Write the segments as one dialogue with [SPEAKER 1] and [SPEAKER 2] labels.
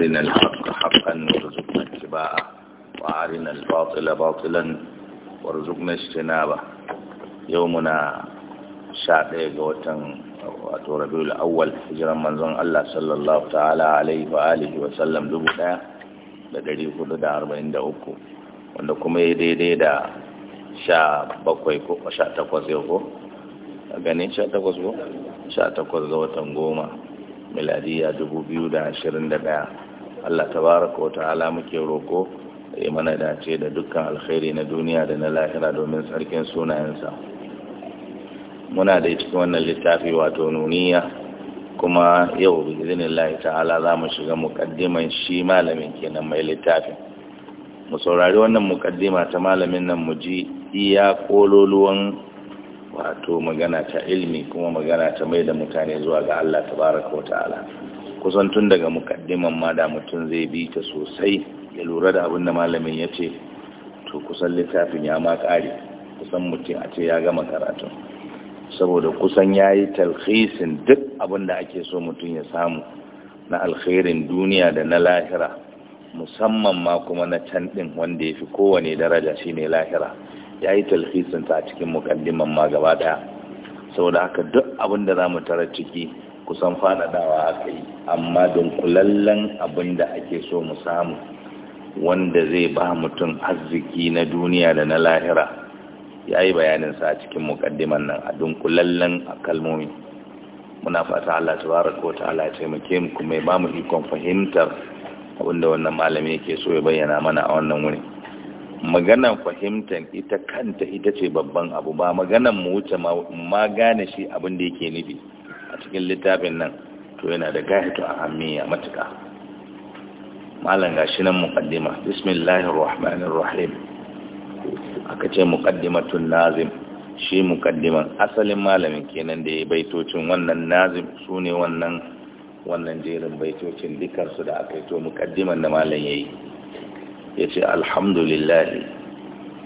[SPEAKER 1] أرنا الحق حقا وارزقنا اتباعه وأرنا الباطل باطلا وارزقنا اجتنابه يومنا شاء قوة wato rabiul awwal hijiran manzon Allah sallallahu ta'ala alaihi wa alihi wa sallam uku, wanda kuma ya daidai da sha bakwai ko sha takwas yau ko ganin sha takwas ko sha takwas ga watan goma miladiya 2021 Allah tabaraka wa ala muke roko ya mana dace da dukkan alkhairi na duniya da na lahira domin sarkin sunayensa muna da cikin wannan littafi wato nuniya kuma yau ta ta'ala za mu shiga mukaddiman shi malamin kenan mai littafin mu saurari wannan mukaddima ta malamin nan mu ji iya kololuwan wato magana ta ilmi kuma magana ta mai da mutane zuwa ga Allah tabaraka wa ta'ala kusan tun daga mukaddiman ma da mutum zai bi ta sosai ya lura da abin da malamin ya ce to kusan littafin ya ma kusan mutum a ce ya gama karatun saboda kusan ya yi talhisin duk abin da ake so mutum ya samu na alkhairin duniya da na lahira musamman ma kuma na can ɗin wanda ya fi kowane daraja shi ne lahira ya yi talhisin ta cikin mukaddiman ma gaba ɗaya saboda haka duk abin da za mu tara ciki kusan faɗaɗawa aka yi amma dunkulallen abin da ake so mu samu wanda zai ba mutum arziki na duniya da na lahira ya yi bayaninsa a cikin mukaddiman nan a dunkulallen a kalmomi muna fata Allah ta baraka wa ta'ala ya taimake mu kuma ya ba mu ikon fahimtar abinda wannan malami yake so ya bayyana mana a wannan wuri maganan fahimtar ita kanta ita ce babban abu ba maganan mu wuce ma gane shi abin da yake nufi cikin littafin nan to yana da gahitu a hamiya matuka malam gashi nan muqaddima bismillahir rahmanir rahim aka ce muqaddimatun nazim shi muqaddiman asalin malamin kenan da ya baitocin wannan nazim sune wannan wannan jerin baitocin dukansu da aka yi to muqaddiman da malam yayi yace alhamdulillah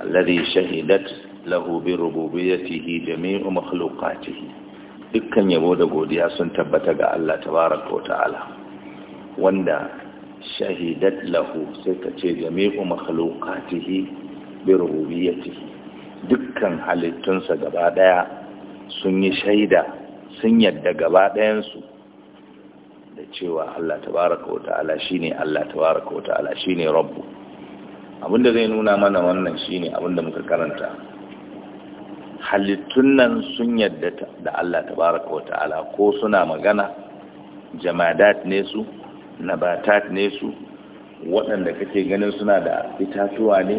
[SPEAKER 1] alladhi shahidat lahu bi rububiyyatihi jami'u makhluqatihi dukkan yabo da godiya sun tabbata ga Allah tabaraka wa ta'ala wanda shahidat lahu sai ka ce jami'u makhluqatihi bi rububiyyatihi dukkan halittunsa gaba daya sun yi shaida sun yadda gaba su da cewa Allah tabaraka wa ta'ala shine Allah tabaraka wa ta'ala shine rabbu abinda zai nuna mana wannan shine abinda muka karanta halittun nan sun yadda da Allah tabaraka wa ta'ala ko suna magana jamadat ne su nabatat ne su waɗanda kake ganin suna da itatuwa ne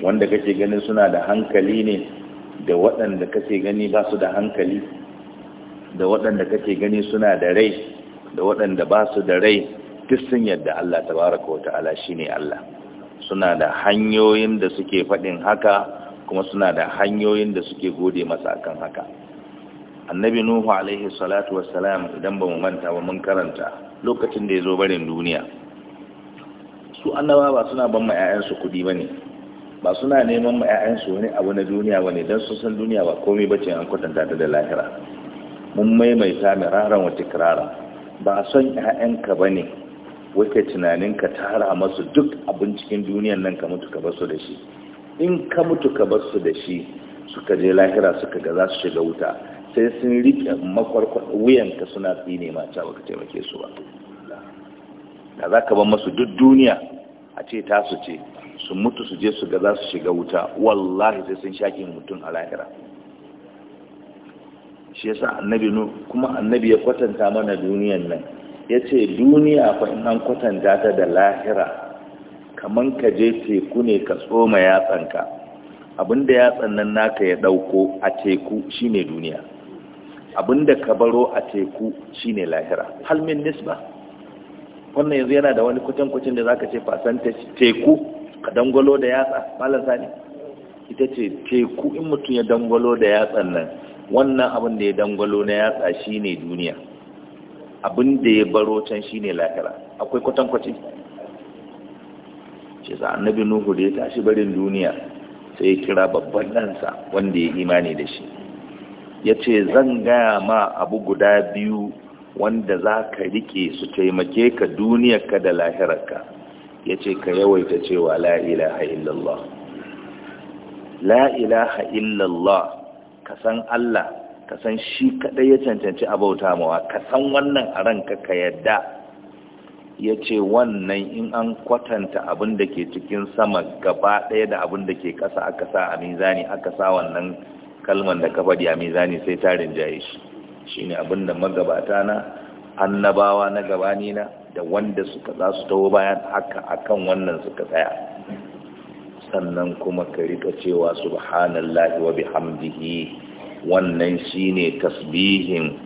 [SPEAKER 1] wanda kake ganin suna da hankali ne da waɗanda kake gani ba su da hankali da waɗanda kake gani suna da rai da waɗanda ba su da rai duk sun yadda Allah tabaraka wa ta'ala shine Allah suna da hanyoyin da suke faɗin haka kuma suna da hanyoyin da suke gode masa akan haka annabi nuhu alaihi salatu wassalam idan ba mu manta ba mun karanta lokacin da ya zo barin duniya su annaba ba suna ban ma 'ya'yansu kuɗi ba ne ba suna neman ma 'ya'yansu wani abu na duniya ba ne don su san duniya ba komai ba ce an kwatanta ta da lahira mun maimaita mai raran wata kirara ba son 'ya'yanka ba ne wake tunanin ka tara masu duk abin cikin duniyan nan ka mutu ka basu da shi in ka mutu ka bar su da shi suka je lahira suka ga za su shiga wuta sai sun riƙe makwarkwata wuyanka suna tsine ma ta baka taimake su ba da za ka bar masu duk duniya a ce ta su ce su mutu su je su ga za su shiga wuta wallahi sai sun shaƙi mutum a lahira shi yasa annabi nu kuma annabi ya kwatanta mana duniyan nan ya ce duniya fa in an kwatanta ta da lahira kaman ka je teku ne ka tsoma yatsanka abinda yatsan nan naka ya dauko a teku shine duniya abinda ka baro a teku shine lahira hal min nisba wannan yanzu yana da wani kwatankwacin da zaka ce percentage teku ka dangwalo da yatsa malam sani ita ce teku in mutum ya dangwalo da yatsan nan wannan abin da ya dangwalo na yatsa shine duniya abin da ya baro can shine lahira akwai kwatankwacin shi sa annabi nuhu da ya tashi barin duniya sai ya kira babban ɗansa wanda ya imani da shi ya ce zan gaya ma abu guda biyu wanda za ka rike su taimake ka duniyarka da lahirarka ya ce ka yawaita cewa la illallah la illallah ka san Allah ka san shi kaɗai ya cancanci abauta mawa ka san wannan a ranka ka yadda ya ce wannan in an kwatanta abin da ke cikin sama gaba ɗaya da abin da ke ƙasa aka sa a mizani aka sa wannan kalman da ka faɗi a mizani sai ta rinjaye shi shi ne abin da magabata na annabawa na gabani na da wanda suka za su taho bayan haka akan wannan suka tsaya sannan kuma ka rika cewa subhanallahi wa bihamdihi wannan shine tasbihin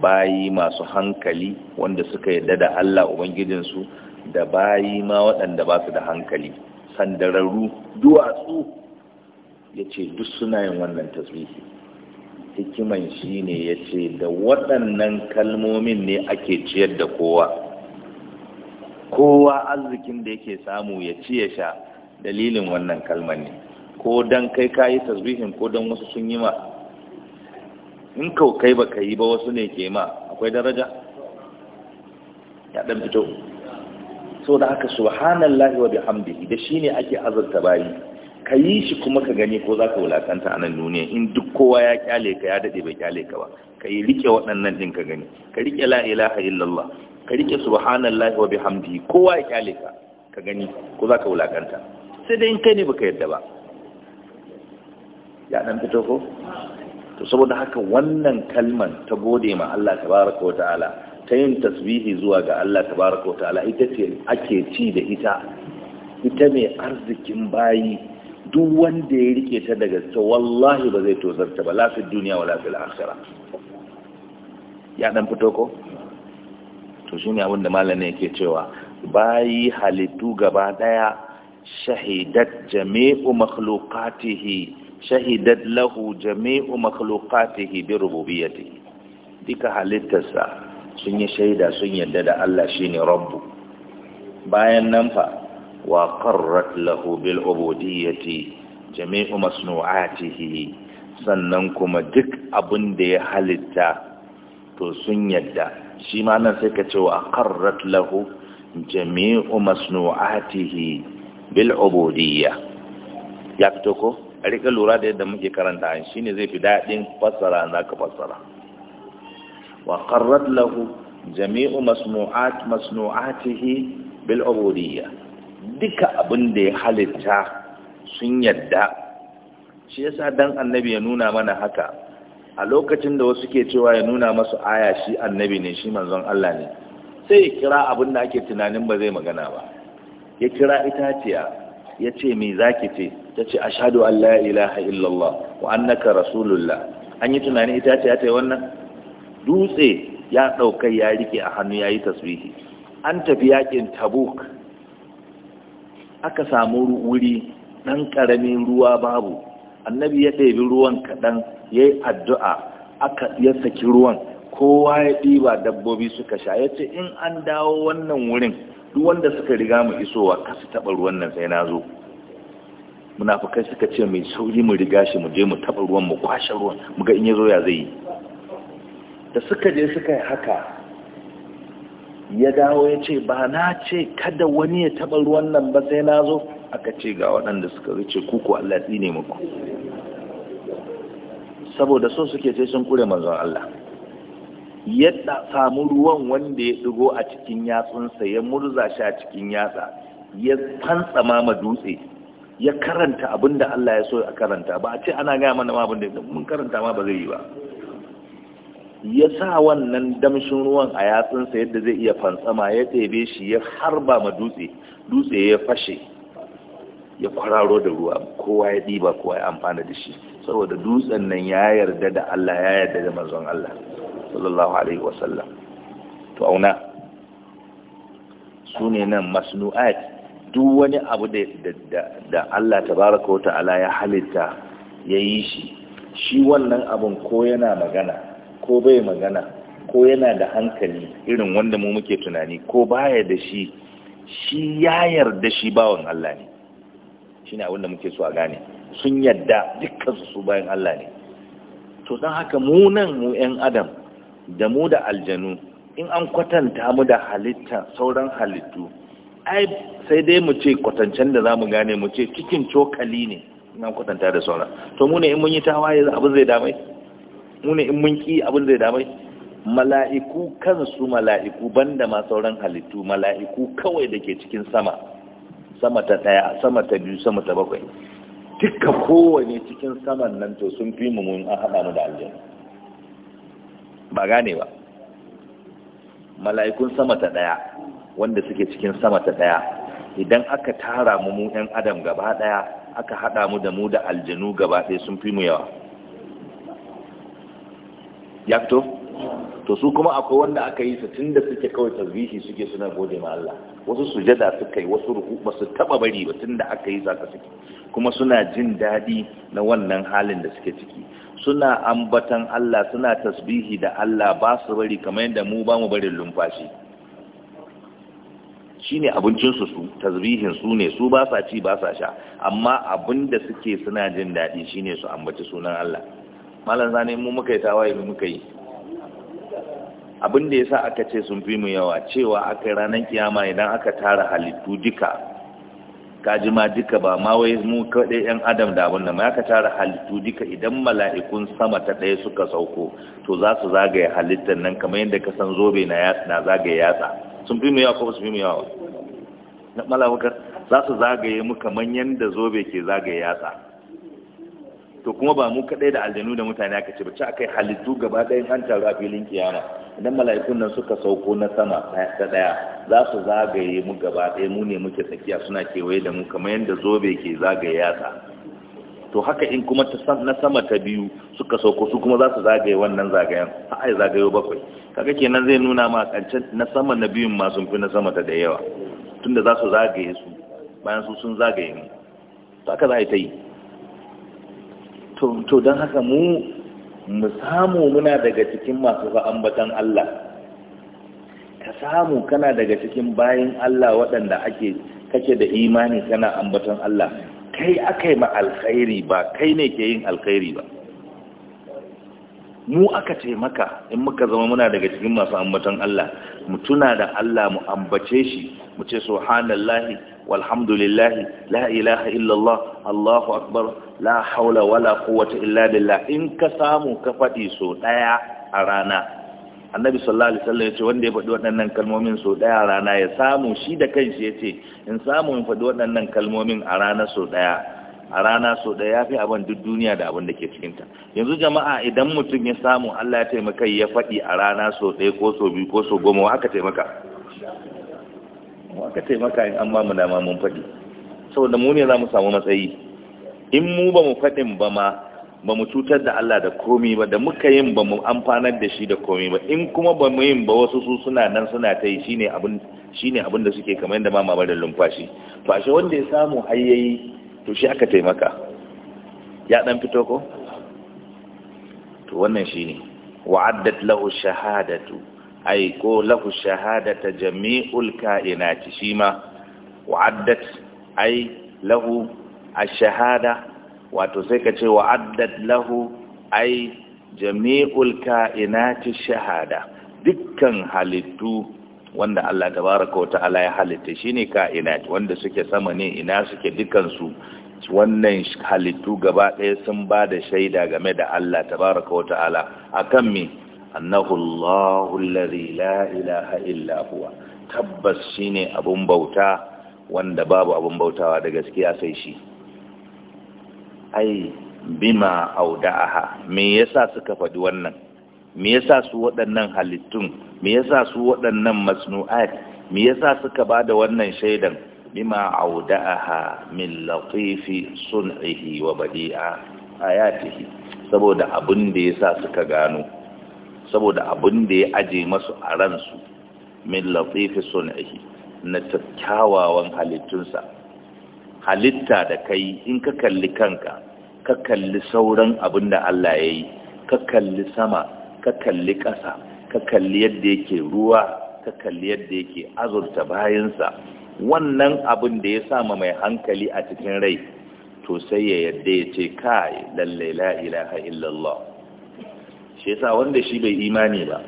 [SPEAKER 1] bayi masu hankali wanda suka yarda da Allah ubangijinsu da bayi ma waɗanda ba su da hankali sandararru
[SPEAKER 2] duwatsu
[SPEAKER 1] ya ce duk suna yin wannan tasbihi hikiman shi ne ya ce da waɗannan kalmomin ne ake ciyar da kowa kowa arzikin da yake samu ya ci ya sha dalilin wannan kalmar ne ko don kai kayi tasbihin ko don wasu sun yi ma in kau kai ba ka yi ba wasu ne ke ma akwai daraja ya ɗan fito so da haka subhanallahi wa bihamdihi da shine ake azurta bayi ka yi shi kuma ka gani ko za ka wulakanta a nan duniya in duk kowa ya kyale ka ya daɗe bai kyale ka ba ka yi rike waɗannan ɗin ka gani ka rike la ilaha illallah ka rike subhanallahi wa bihamdihi kowa ya kyale ka ka gani ko za ka wulakanta sai dai in kai ne baka yadda ba ya dan fito ko to saboda haka wannan kalman ta gode ma Allah tabaraka wa ta'ala ta yin tasbihi zuwa ga Allah tabaraka wa ta'ala ita ce ake ci da ita ita mai arzikin bayi duk wanda ya rike ta daga ta wallahi ba zai tozarta ba lafi duniya wa lafi akhirah ya dan fito ko to shine abin da malamin yake cewa bayi halittu gaba daya shahidat jami'u makhluqatihi shahidat lahu jami'u makhluqatihi bi rububiyyatihi dika halittarsa sun yi shaida sun yadda da Allah shine rabbu bayan nan fa wa qarrat lahu bil ubudiyyati jami'u masnu'atihi sannan kuma duk abin da ya halitta to sun yadda shi ma nan sai ka ce wa qarrat lahu jami'u masnu'atihi bil ubudiyya ya fito ko a rika lura da yadda muke karanta shi shine zai fi daɗin fassara na ka fassara wa qarrat lahu jami'u masnu'at masnu'atihi bil ubudiyya duka abin da ya halitta sun yadda shi yasa dan annabi ya nuna mana haka a lokacin da wasu ke cewa ya nuna masu aya shi annabi ne shi manzon Allah ne sai ya kira abin da ake tunanin ba zai magana ba ya kira itaciya ya ce me zaki ce ta ce ashadu an la ilaha illallah wa annaka rasulullah an yi tunanin ita ce ta yi wannan dutse ya ɗauka ya rike a hannu ya yi tasbihi an tafi yakin tabuk aka samu wuri ɗan ƙaramin ruwa babu annabi ya ɗebi ruwan kaɗan ya yi addu'a aka ya saki ruwan kowa ya ɗiba dabbobi suka sha ya ce in an dawo wannan wurin duk wanda suka riga mu isowa kasu taɓa ruwan nan sai na zo munafukai suka ce mai sauri mu riga shi mu je mu taɓa ruwan mu kwashe ruwan mu ga in yazo zo ya zai yi da suka je suka yi haka ya dawo ya ce ba na ce kada wani ya taba ruwan nan ba sai na zo aka ce ga waɗanda suka wuce kuku Allah tsine muku saboda so suke sai sun kure manzon Allah ya samu ruwan wanda ya dugo a cikin yatsunsa ya murza shi a cikin yatsa ya fantsama ma dutse ya karanta abin da Allah ya so a karanta ba a ce ana gaya mana ma abin da mun karanta ma ba zai yi ba ya sa wannan damshin ruwan a yatsunsa yadda zai iya fantsama ya ɗebe shi ya harba ma dutse dutse ya fashe ya kwararo da ruwa kowa ya ɗiba kowa ya amfana da shi saboda dutsen nan ya yarda da Allah ya yarda da manzon Allah sallallahu alaihi wasallam to auna su ne nan masnu'at duk wani abu da Allah tabaraka ta'ala ya halitta ya yi shi shi wannan abun ko yana magana ko bai magana ko yana da hankali irin wanda mu muke tunani ko baya da shi shi ya yarda shi bawan Allah ne shi ne abinda muke so a gane sun yarda dukkansu su bayan Allah ne to don haka mu nan mu 'yan adam da mu da aljanu in an kwatanta mu da halitta sauran halittu ai sai dai mu ce kwatancen da za mu gane mu ce cikin cokali ne na kwatanta da sauran to mu ne in mun yi tawaye abin zai damai mu ne in mun ki abin zai damai mala'iku kansu mala'iku banda ma sauran halittu mala'iku kawai da ke cikin sama sama ta ɗaya sama ta biyu sama ta bakwai duka kowane cikin saman nan to sun fi mu mun an haɗa mu da aljanna ba gane ba mala'ikun sama ta ɗaya wanda suke cikin sama ta daya idan aka tara mu mu ɗan adam gaba daya aka haɗa mu da mu da aljanu gaba ɗaya sun fi mu yawa ya fito to su kuma akwai wanda aka yi su tun da suke kawai tasbihi suke suna gode ma Allah wasu sujada suka yi wasu ruku ba su taba bari ba tun da aka yi ka suke kuma suna jin daɗi na wannan halin da suke ciki suna ambatan Allah suna tasbihi da Allah ba su bari kamar yadda mu ba mu barin lumfashi shine abincinsu su tasbihin su ne su ba sa ci ba sa sha amma abin da suke suna jin daɗi shine su ambaci sunan Allah malam zane mu muka yi tawaye mu muka yi abin da yasa aka ce sun fi mu yawa cewa aka ranar kiyama idan aka tara halittu duka kaji ma duka ba ma wai mu kaɗai yan adam da abin da ma aka tara halittu duka idan mala'ikun sama ta ɗaya suka sauko to za su zagaye halittar nan kamar yadda ka san zobe na zagaye yatsa sun fi mu yawa ko su fi mu yawa na malawakar za su zagaye mu kamar yadda zobe ke zagaye yatsa to kuma ba mu kaɗai da aljanu da mutane aka ce ba ci yi halittu gaba ɗayan an taru a filin kiyama idan mala'ikun nan suka sauko na sama ta ɗaya za su zagaye mu gaba ɗaya mu ne muke tsakiya suna kewaye da mu kamar yadda zobe ke zagaye yatsa to haka in kuma na sama ta biyu suka sauko su kuma za su zagaye wannan zagayen har ai zagayo bakwai kaga kenan zai nuna ma kance na sama na biyun ma sun fi na sama ta da yawa tunda za su zagaye su bayan su sun zagaye mu to aka za a yi ta yi to don haka mu mu samu muna daga cikin masu ambatan Allah ka samu kana daga cikin bayan Allah waɗanda ake kake da imani kana ambatan Allah kai aka yi ma alkhairi ba kai ne ke yin alkhairi ba mu aka taimaka in muka zama muna daga cikin masu ambaton Allah mu tuna da Allah mu ambace shi mu ce subhanallahi walhamdulillahi la ilaha illallah Allahu akbar la haula wala quwwata illa billah in ka samu ka fadi so daya a rana annabi sallallahu alaihi wasallam yace wanda ya faɗi waɗannan kalmomin so daya a rana ya samu shi da kanshi yace in samu in faɗi waɗannan kalmomin a rana so daya a rana so da ya fi abin duk duniya da abin da ke cikinta yanzu jama'a idan mutum ya samu Allah ya taimaka ya faɗi a rana so ɗaya ko so biyu ko so goma haka taimaka haka taimaka in an ba mu dama mun faɗi saboda mu ne za mu samu matsayi in mu ba mu faɗin ba ma ba mu cutar da Allah da komi ba da muka yin ba mu amfanar da shi da komi ba in kuma ba mu yin ba wasu su suna nan suna ta yi shine abin shine abin da suke kamar yadda ma ma ba da lumfashi to ashe wanda ya samu hayyayi to shi aka taimaka ya dan fito ko to wannan shine wa'addat lahu shahadatu ay ko lahu shahadata jami'ul kainati shima wa'addat ay lahu ash-shahada wato sai ka ce wa'addat lahu ay jami'ul kainati shahada dukkan halittu wanda Allah tabaraka wa ta'ala ya halitta shine kainat wanda suke sama ne ina suke dukansu wannan halittu gaba ɗaya sun ba da shaida game da Allah tabaraka wa ta'ala akan me annahu Allahu allazi la ilaha illa huwa tabbas shine abun bauta wanda babu abun bautawa da gaskiya sai shi ai bima auda'aha me yasa suka faɗi wannan me yasa su waɗannan halittun me yasa su waɗannan masnu'at me yasa suka ba da wannan shaidan bima auda'aha min latifi sun'ihi wa badi'a ayatihi saboda abin da yasa suka gano saboda abin da ya aje masu a ransu min latifi sun'ihi na kyawawan halittunsa halitta da kai in ka kalli kanka ka kalli sauran abin da Allah ya yi ka kalli sama ka kalli ƙasa ka kalli yadda yake ruwa ka kalli yadda yake azurta bayansa wannan abin da ya sama mai hankali a cikin rai to sai ya yadda ya ce kai lalle la ilaha illallah shi yasa wanda shi bai imani ba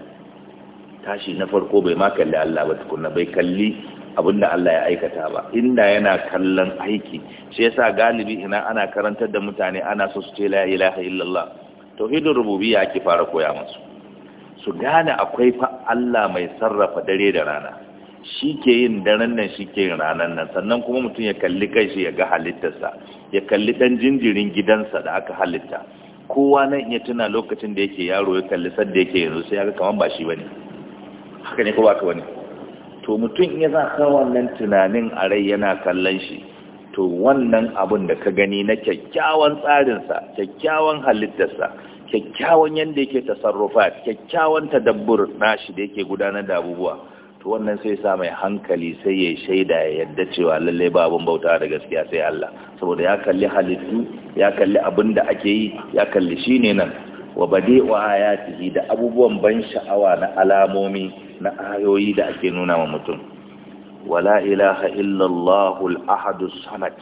[SPEAKER 1] tashi na farko bai ma kalli Allah ba tukunna bai kalli abin da Allah ya aikata ba inda yana kallon aiki shi yasa galibi ina ana karantar da mutane ana so su ce la ilaha illallah tauhidin rububiyya ake fara koya musu su gane akwai fa Allah mai sarrafa dare da rana shi ke yin daren nan shi ke yin ranar nan sannan kuma mutum ya kalli kai shi ya ga halittarsa ya kalli dan jinjirin gidansa da aka halitta kowa nan ya tuna lokacin da yake yaro ya kalli sadda yake yanzu sai ya ga kamar ba shi bane haka ne ko ba ka bane to mutum ya ka wannan tunanin a rai yana kallon shi to wannan abin da ka gani na kyakkyawan tsarinsa kyakkyawan halittarsa kyakkyawan yadda yake tasarrufa kyakkyawan tadabbur nashi da yake gudanar da abubuwa to wannan sai sa mai hankali sai ya shaida ya yadda cewa lallai ba abin bauta da gaskiya sai Allah saboda ya kalli halittu ya kalli abin da ake yi ya kalli shine nan wa wa ayatihi da abubuwan ban sha'awa na alamomi na ayoyi da ake nuna wa mutum wala ilaha illallahu al-ahadu samad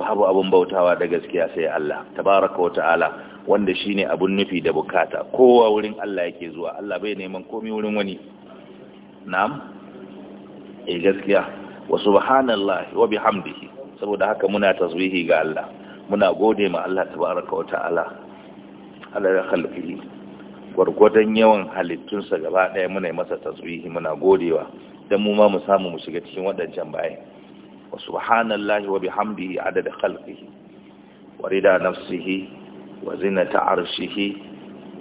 [SPEAKER 1] babu abun bautawa da gaskiya sai Allah tabaraka wa ta'ala wanda shine abun nufi da bukata kowa wurin Allah yake zuwa Allah bai neman komai wurin wani na'am eh gaskiya wa subhanallahi wa bihamdihi saboda haka muna tasbihi ga Allah muna gode ma Allah tabaraka wa ta'ala ala khalqihi gwargwadon yawan halittunsa gaba ɗaya muna masa tasbihi muna godewa dan mu ma mu samu mu shiga cikin waɗancan bayan wa subhanallahi wa bihamdihi adada khalqihi wa rida nafsihi wa zinata arshihi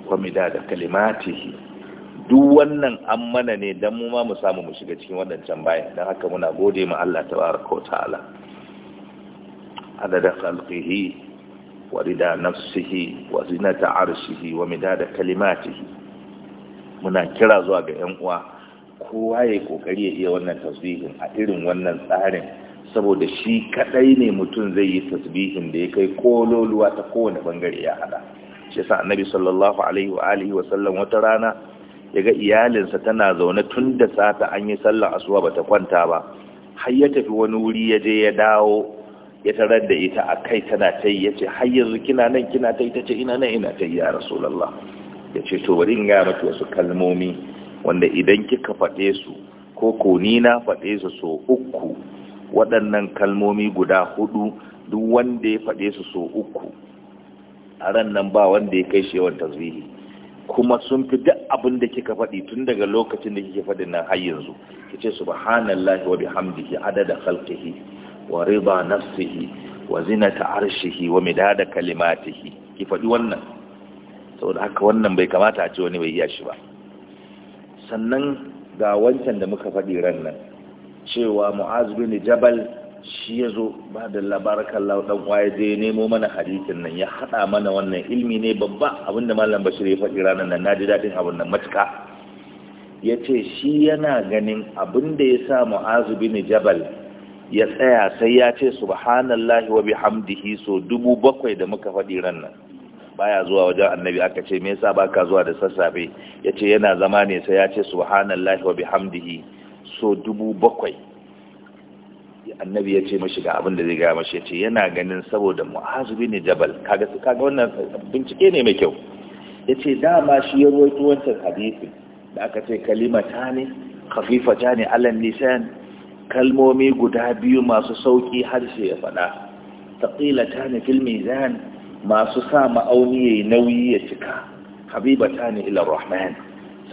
[SPEAKER 1] wa midada kalimatihi duk wannan an mana ne dan mu ma mu samu mu shiga cikin waɗancan bayan dan haka muna gode ma Allah tabaraka wa ta'ala adada khalqihi ورضا نفسه وزنة عرشه ومداد kalimatihi, muna kira zuwa ga 'yan uwa kowa ya kokari ya iya wannan tasbihin a irin wannan tsarin saboda shi kadai ne mutum zai yi tasbihin da ya kai kololuwa ta kowane bangare ya hada shi yasa annabi sallallahu alaihi wa alihi wa sallam wata rana ya ga iyalinsa tana zaune tun da sata an yi sallar ba bata kwanta ba har ya tafi wani wuri ya je ya dawo ya tarar da ita a kai tana ta yi ya ce har yanzu kina nan kina ta yi ta ce ina nan ina ta yi ya rasulallah ya ce to bari in gaya mata wasu kalmomi wanda idan kika faɗe su ko ko ni na faɗe su so uku waɗannan kalmomi guda hudu duk wanda ya faɗe su so uku a ran nan ba wanda ya kai shi yawan tasbihi kuma sun fi duk abin da kika faɗi tun daga lokacin da kike faɗin nan har yanzu kice subhanallahi wa bihamdihi adada khalqihi wa rida nafsihi wa zinata arshihi wa midada kalimatihi ki faɗi wannan saboda haka wannan bai kamata a ce wani bai iya shi ba sannan ga wancan da muka faɗi ran nan cewa mu'az bin jabal shi ya zo ba da labarakan ya waye zai nemo mana hadisin nan ya haɗa mana wannan ilmi ne babba abinda malam bashir ya faɗi ranar nan na ji daɗin abin nan matuka ya ce shi yana ganin abinda ya sa mu'azu bin jabal ya tsaya sai ya ce subhanallahi wa bihamdihi so dubu bakwai da muka faɗi ran nan baya zuwa wajen annabi aka ce me yasa baka zuwa da sassafe yace yana zama ne sai ya ce subhanallahi wa bihamdihi so dubu bakwai annabi yace ce ga abin da zai ga mashi ya yana ganin saboda mu'azu bin jabal kaga kaga wannan bincike ne mai kyau yace ce dama shi ya roƙi wancan hadisi da aka ce kalimata ne khafifa ne alan nisan kalmomi guda biyu masu sauki harshe ya faɗa taqilata ne fil mizan masu sa ma'auni yi nauyi ya cika habibatani ila rahman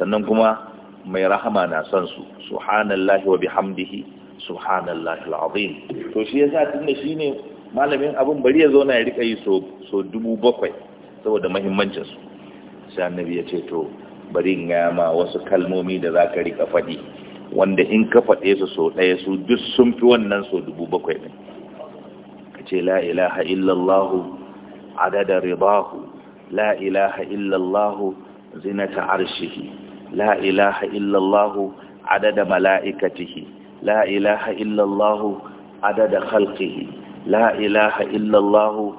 [SPEAKER 1] sannan kuma mai rahama na son su subhanallahi wa bihamdihi subhanallahi alazim to shi yasa tunda ne malamin abun bari ya zauna ya rika yi so dubu bakwai saboda muhimmancin su sai annabi ya ce to bari in ga ma wasu kalmomi da zaka rika fadi wanda in ka faɗe su so ɗaya su duk sun fi wannan so bakwai Ka ce la ilaha illallahu. عدد رضاه لا إله إلا الله زنة عرشه لا إله إلا الله عدد ملائكته لا إله إلا الله عدد خلقه لا إله إلا الله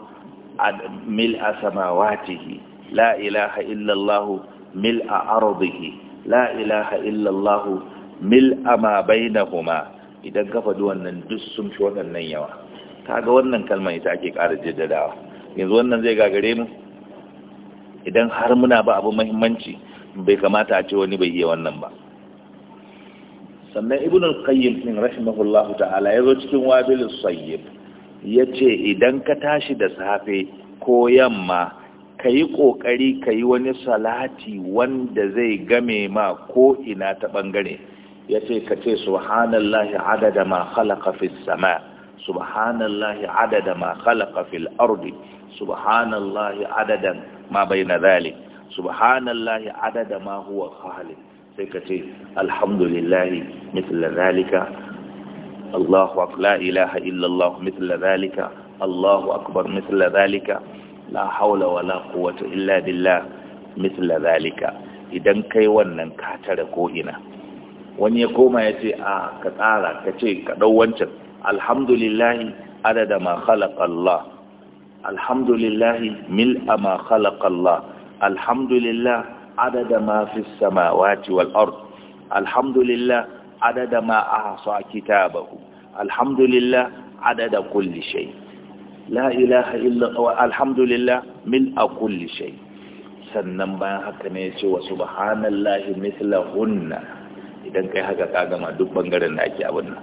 [SPEAKER 1] ملء سماواته لا إله إلا الله ملء أرضه لا إله إلا الله ملء ما بينهما idan ka faɗi wannan duk sun fi waɗannan yawa kaga wannan kalmar ita ake ƙara jaddadawa yanzu wannan zai gagare mu idan har muna ba abu mahimmanci bai kamata a ce wani bai iya wannan ba sannan ibn al-qayyim din rahimahullahu ta'ala yazo cikin wabil sayyib yace idan ka tashi da safe ko yamma kayi kokari kayi wani salati wanda zai game ma ko ina ta bangare yace kace subhanallahi adada ma khalaqa fis sama subhanallahi adada ma khalaqa fil ardi subhanallahi adadan ma baina zalik subhanallahi adada ma huwa khaliq sai ka ce alhamdulillahi mithla zalika Allahu akbar la ilaha illallah mithla zalika Allahu akbar mithla zalika la haula wala quwwata illa billah mithla zalika idan kai wannan ka tare ko ina wani ya koma ya ce a ka tsara ka ce ka dau wancan alhamdulillahi adada ma khalaqa Allah alhamdulillahi mil ma khalaqallah alhamdulillah adada ma fi samawati wal ard alhamdulillah adada ma ahsa kitabahu alhamdulillah adada kulli shay la ilaha illa huwa alhamdulillah mil kulli shay sannan bayan haka ne yace wa subhanallahi mithlahunna idan kai haka ka gama duk bangaren da ake abin nan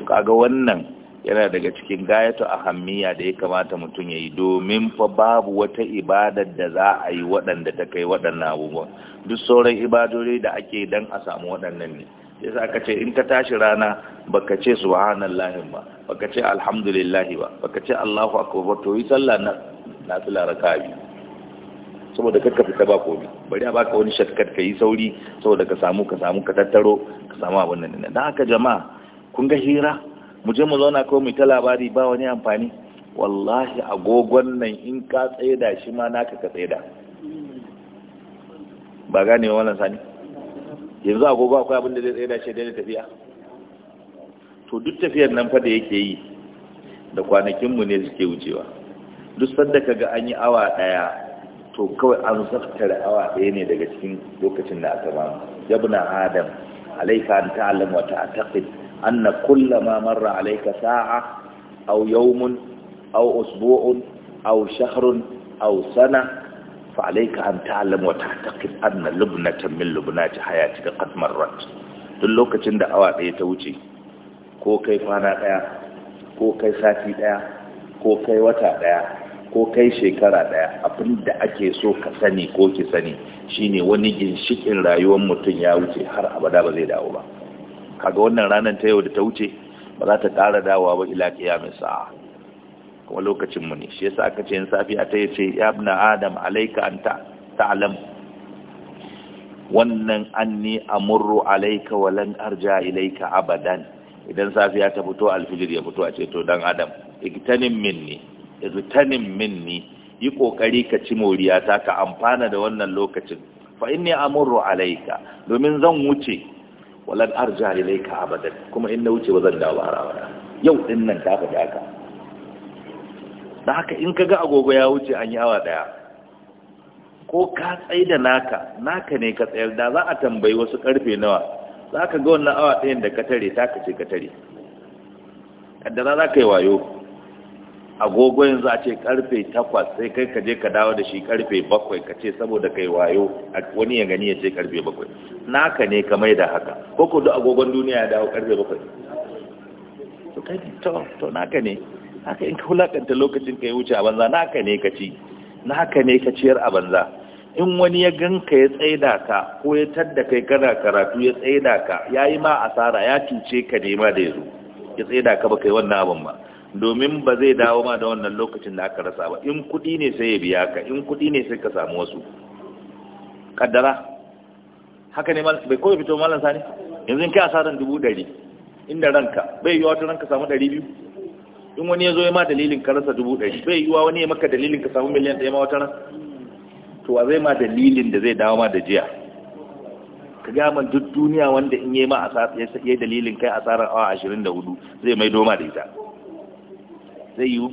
[SPEAKER 1] to kaga wannan yana daga cikin gayatu ahammiya da ya kamata mutum ya yi domin fa babu wata ibadar da za a yi waɗanda ta kai waɗannan abubuwan duk sauran ibadori da ake dan a samu waɗannan ne sai sa aka ce in ka tashi rana baka ce subhanallahi ba baka ce alhamdulillahi ba baka ce allahu akbar to yi sallah na nafila raka'a saboda kakka fita ba komai bari a baka wani shortcut ka yi sauri saboda ka samu ka samu ka tattaro ka samu abin nan Na haka jama'a kun ga hira mu je mu zauna kawai mu ta labari ba wani amfani wallahi agogon nan in ka da shi ma naka ka da ba gane wannan sani yanzu agogo akwai abin da zai da shi da tafiya to duk tafiyar nan fa da yake yi da kwanakin mu ne suke wucewa duk sanda kaga an yi awa daya to kawai an zaftara awa daya ne daga cikin lokacin da aka mu yabna adam alaika an ta'allam wa ta'taqid anna kullama marra alayka sa'a aw yawmun aw usbu'un aw shahrun aw sana fa alayka an ta'lam wa ta'taqid anna lubnatan min lubnati hayatika qad marrat duk lokacin da awa ɗaya ta wuce ko kai kwana ɗaya, ko kai sati ɗaya, ko kai wata daya ko kai shekara ɗaya abin da ake so ka sani ko ki sani shine wani ginshikin rayuwar mutum ya wuce har abada ba zai dawo ba kaga wannan ranar ta yau da ta wuce ba za ta ƙara dawa ba ila mai sa'a kuma lokacin ne shi yasa aka ce in safiya ta yace ya ibn adam alayka an ta'lam wannan anni amurru alayka wa lan arja ilayka abadan idan safiya ta fito alfijir ya fito a ce to dan adam igtanin minni igtanin minni yi kokari ka ci moriya ta ka amfana da wannan lokacin fa inni amurru alayka domin zan wuce walan arja ilaika abadan kuma in na wuce ba zan dawo har abada yau din nan ta faɗi haka da haka in kaga agogo ya wuce an yi awa daya ko ka tsaida da naka naka ne ka tsayar da za a tambayi wasu karfe nawa za ka ga wannan awa ɗayan da ka tare ta ce ka tare za ka yi wayo agogo yanzu a ce karfe takwas sai kai ka je ka dawo da shi karfe bakwai ka ce saboda kai wayo wani ya gani ya ce karfe bakwai naka ne ka da haka ko ku agogon duniya ya dawo karfe bakwai to kai to to naka ne haka in ka hulakanta lokacin ka ya wuce a banza naka ne ka ci naka ne ka ciyar a banza in wani ya ganka ya tsaida ka ko ya tadda kai kana karatu ya tsaida ka yayi ma asara ya cuce ka ne ma da yazo ya tsaida ka ba kai wannan abin ba domin ba zai dawo ma da wannan lokacin da aka rasa ba in kudi ne sai ya biya ka in kudi ne sai ka samu wasu kaddara haka ne bai kawai fito malam sani yanzu kai asaran dubu dari inda ranka bai yiwa wata ranka samu dari biyu in wani ya zo ya ma dalilin ka rasa dubu dari. bai yiwa wani ya maka dalilin ka samu miliyan ɗaya ma wata ran to a zai ma dalilin da zai dawo ma da jiya ka gama duk duniya wanda in yi ma ya dalilin kai asarar awa ashirin da hudu zai mai doma da ita zai yiwu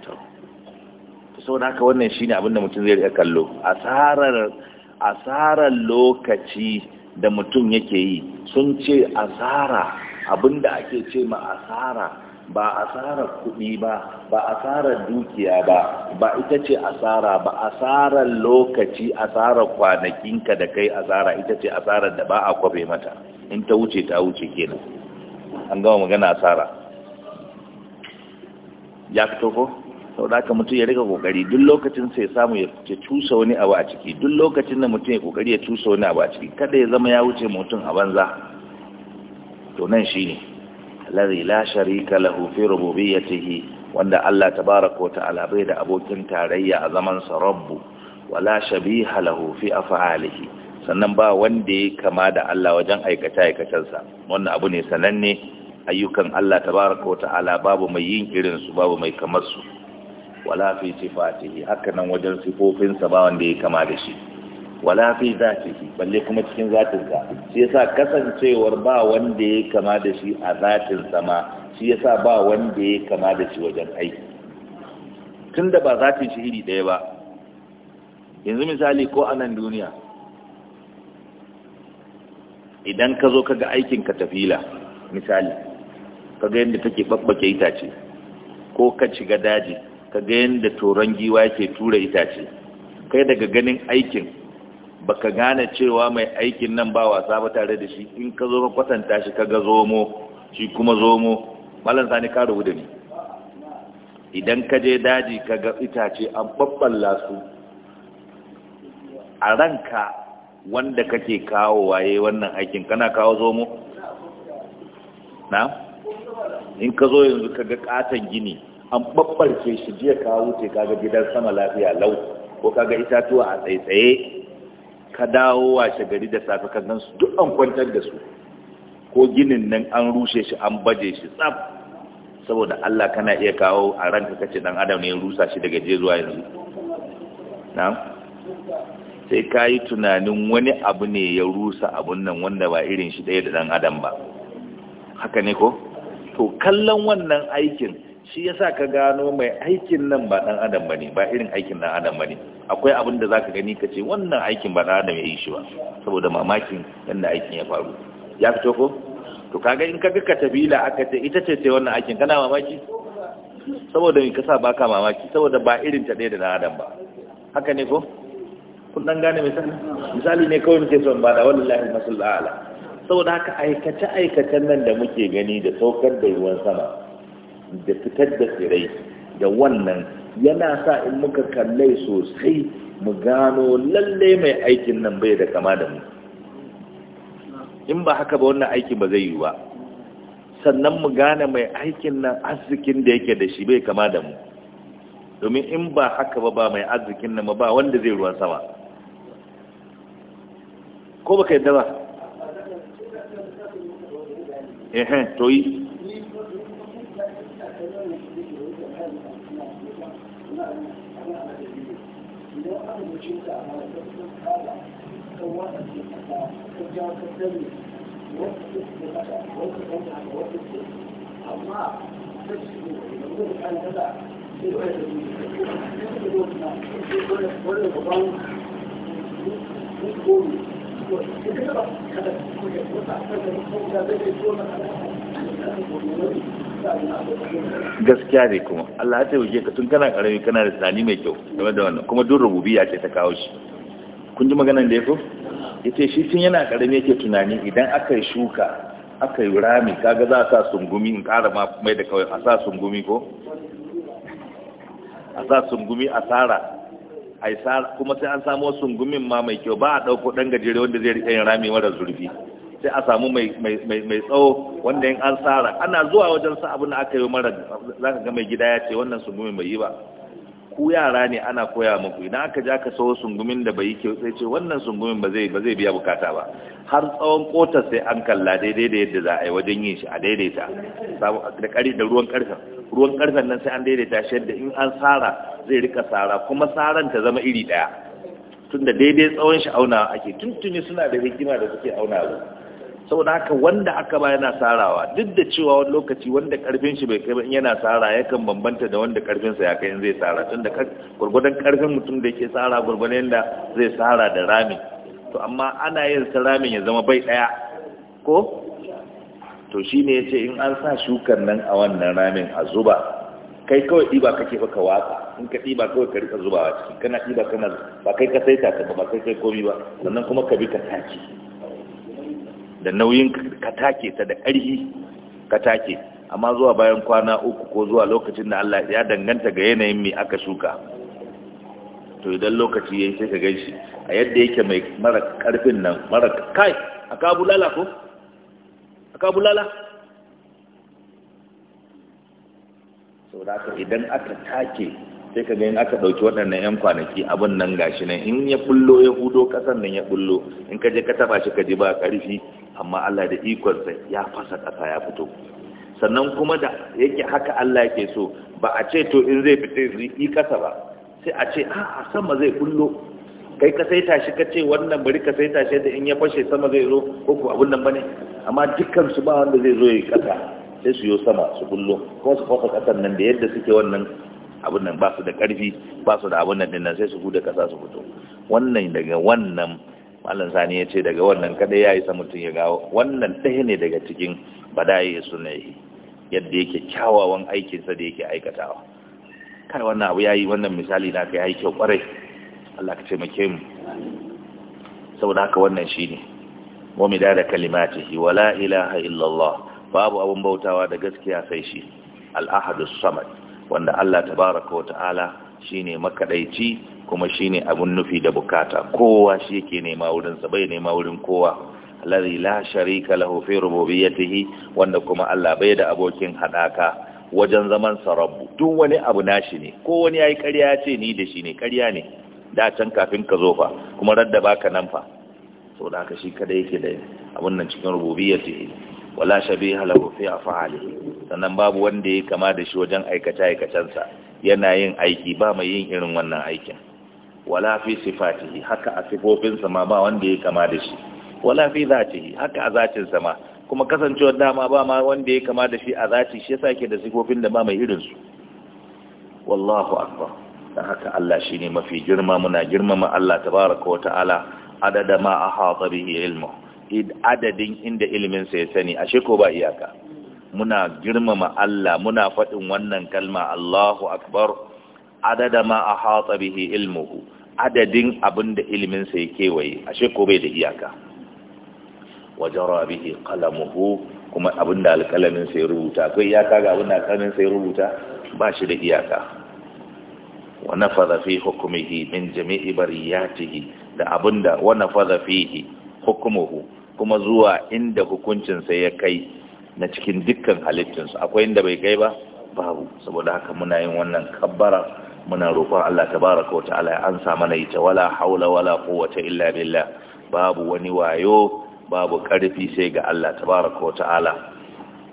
[SPEAKER 1] to da haka wannan shine abinda mutum zai riƙa kallo asarar asarar lokaci da mutum yake yi sun ce asara abinda ake ce ma asara ba asarar kuɗi ba ba asarar dukiya ba ba ita ce asara ba asarar lokaci asarar kwanakinka da kai asara ita ce asarar da ba a kwabe mata in ta wuce ta wuce kenan an gama magana asara ya fito ko sau da aka mutum ya rika kokari duk lokacin sai samu ya cusa wani abu a ciki duk lokacin da mutum ya kokari ya cusa wani abu a ciki kada ya zama ya wuce mutum a banza to nan shi shine lari la sharika lahu ya rububiyyatihi wanda Allah ta tabaaraka ta'ala alabai da abokin tarayya a zaman sa rabbu wala shabiha lahu fi af'alihi sannan ba wanda ya kama da Allah wajen aikata aikatansa wannan abu ne sananne ayyukan Allah tabaraka wa ta'ala babu mai yin irin su babu mai kamar su wala fi sifatihi haka nan wajen sifofinsa ba wanda ya kama da shi wala fi zatihi balle kuma cikin zatin sa shi yasa kasancewar ba wanda ya kama da shi a zatin sa ma shi yasa ba wanda ya kama da shi wajen aiki tunda ba zatin shi iri ɗaya ba yanzu misali ko a nan duniya idan ka zo ka ga aikin ka tafila misali Ka ga yadda take babbake itace ko ka shiga daji ka ga yadda toron giwa ke tura itace kai daga ganin aikin baka gane cewa mai aikin nan ba wasa ba tare da shi in ka zo ka kwatanta shi ga zomo shi kuma zomo malam sani ka rubu da ni idan ka je daji ka ga itace an babballa su a ranka wanda kake kawo waye wannan aikin kana kawo zomo na in ka zo yanzu ka ga katon gini an ɓaɓɓarce shi jiya ka wuce ka ga gidan sama lafiya lau ko ka ga itatuwa a tsaye-tsaye. ka dawo washe gari da safe kan su duk an kwantar da su ko ginin nan an rushe shi an baje shi tsaf saboda Allah kana iya kawo a ranka kace dan adam ne rusa shi daga je zuwa yanzu na'am sai ka tunanin wani abu ne ya rusa abun nan wanda ba irin shi ɗaya da dan adam ba haka ne ko to kallon wannan aikin shi yasa ka gano mai aikin nan ba dan adam bane ba irin aikin dan adam bane akwai abin da zaka gani kace wannan aikin ba dan adam ya yi shi ba saboda mamakin yanda aikin ya faru ya fito ko to kaga in ka ga katabila aka ce ita ce ce wannan aikin kana mamaki saboda me kasa baka mamaki saboda ba irin ta ɗaya da dan adam ba haka ne ko kun dan gane misali misali ne kawai muke son ba da wallahi masul saboda haka aikace aikacen nan da muke gani da saukar da ruwan sama da fitar da tsirai da wannan yana sa in muka kallai sosai mu gano lalle mai aikin nan bai da kama da mu in ba haka ba wannan aikin ba zai yi ba sannan mu gane mai aikin nan arzikin da yake da shi bai kama da mu domin in ba haka ba ba mai arzikin nan ba wanda zai ruwan sama ko baka yadda ba 唉，对。gaskiya ne kuma Allah ya taimake ka tun kana karami kana da tunani mai kyau game da wannan kuma duk rububiyya ce ta kawo shi kun ji maganar da ya yace shi tun yana karami yake tunani idan aka yi shuka aka yi rami kaga za a sa sungumi in kara ma mai da kawai a sa sungumi ko a sa sungumi a tsara kuma sai an samu sungumin ma mai kyau ba a ɗauko ɗan gajere wanda zai riƙe yin rami mara zurfi sai a samu mai tsawo wanda yin an tsara ana zuwa wajen sa abin da aka yi mara zaka ga mai gida ya ce wannan sungumin bai yi ba ku yara ne ana koya muku idan aka ja ka sawo sungumin da bai kyau sai ce wannan sungumin ba zai ba zai biya bukata ba har tsawon kotar sai an kalla daidai da yadda za a yi wajen yin shi a daidaita da kari da ruwan karfen ruwan karfen nan sai an daidaita shi yadda in an sara zai rika sara kuma saran ta zama iri daya tunda daidai tsawon shi auna ake tuntuni suna da hikima da suke auna ba. saboda haka wanda aka ba yana sarawa duk da cewa wani lokaci wanda karfin shi bai kai ba yana sara yakan bambanta da wanda karfin sa ya kai zai sara tunda gurgudan karfin mutum da yake sara gurgudan yanda zai sara da rami to amma ana yin sa ramin ya zama bai daya ko to shine yace in an sa shukan nan a wannan ramin a zuba kai kawai diba kake baka waka in ka diba kawai ka rika zubawa ciki kana diba kana ba kai ka saita ta ba kai kai komi ba sannan kuma ka bi ka taki da nauyin ka take ta da ƙarfi ka take amma zuwa bayan kwana uku ko zuwa lokacin da Allah ya danganta ga yanayin mai aka shuka to idan lokaci yayi sai ka ganshi a yadda yake mai mara karfin nan mara kai aka bulala ko aka bulala saboda idan aka take sai ka gani aka ɗauki waɗannan 'yan kwanaki abin nan gashi nan in ya bullo ya hudo ƙasar nan ya bullo in ka je ka taba shi ka ji ba ƙarfi amma Allah da ikonsa ya fasa ƙasa ya fito sannan kuma da yake haka Allah yake so ba a ce to in zai fita yi ƙasa ba sai a ce a sama zai kullo kai ka saita shi ka ce wannan bari ka saita shi da in ya fashe sama zai zo ko ku abun nan bane amma dukkan su ba wanda zai zo yi ƙasa sai su yo sama su kullo kuma su fasa ƙasan nan da yadda suke wannan abun nan ba su da ƙarfi ba su da abun nan din nan sai su huda ƙasa su fito wannan daga wannan Mallam sani ya ce daga wannan kada ya isa mutum ya gawo wannan ɗaya ne daga cikin badaye suna yi yadda yake kyawawan aikinsa da yake aikatawa kai wannan abu ya yi wannan misali na ka yi kyau ƙwarai Allah ka taimake mu saboda haka wannan shi ne wa da kalimatihi wa la ilaha illallah babu abun bautawa da gaskiya sai shi al-ahadus samad wanda Allah tabaraka wa ta'ala shine makadaici kuma shine abin nufi da bukata kowa shi yake nema wurin bai nema wurin kowa alladhi la sharika lahu fi rububiyyatihi wanda kuma Allah bai da abokin hadaka wajen zaman sa rabbu wani abu nashi ne ko wani yayi ƙarya ya ce ni da shi ne ƙarya ne da can kafin ka zo fa kuma radda baka nan fa da haka shi kada yake da abun nan cikin rububiyyatihi wala shabiha lahu fi af'alihi sannan babu wanda ya kama da shi wajen aikace aikacensa yana yin aiki ba mai yin irin wannan aikin wala fi sifatihi haka a sifofinsa ma ba wanda ya kama da shi wala fi zatihi haka a zatinsa ma kuma kasancewar dama ba ma wanda ya kama da shi a zati shi yasa ke da sifofin da ba mai irin su wallahu akbar dan haka Allah shine mafi girma muna girmama Allah tabaaraka wa ta'ala adada ma ahata bihi ilmu adadin inda ilmin sa ya sani ashe ko ba iyaka muna girmama Allah muna faɗin wannan kalma Allahu akbar adada ma ahata bihi ilmuhu adadin abinda ilminsa sa ya kewaye ashe ko bai da iyaka wajara bihi qalamuhu kuma abinda alƙalamin sa ya rubuta akwai iyaka ga abinda alƙalamin sa ya rubuta ba shi da iyaka wa nafadha fi hukmihi min jami'i bariyatihi da abinda wa nafadha fihi hukmuhu kuma zuwa inda hukuncinsa ya kai na cikin dukkan halittunsu akwai inda bai kai ba babu saboda haka muna yin wannan kabbara muna roƙon Allah tabaraka wa ta'ala ya ansa mana ita wala haula wala quwwata illa billah babu wani wayo babu ƙarfi sai ga Allah tabaraka wa ta'ala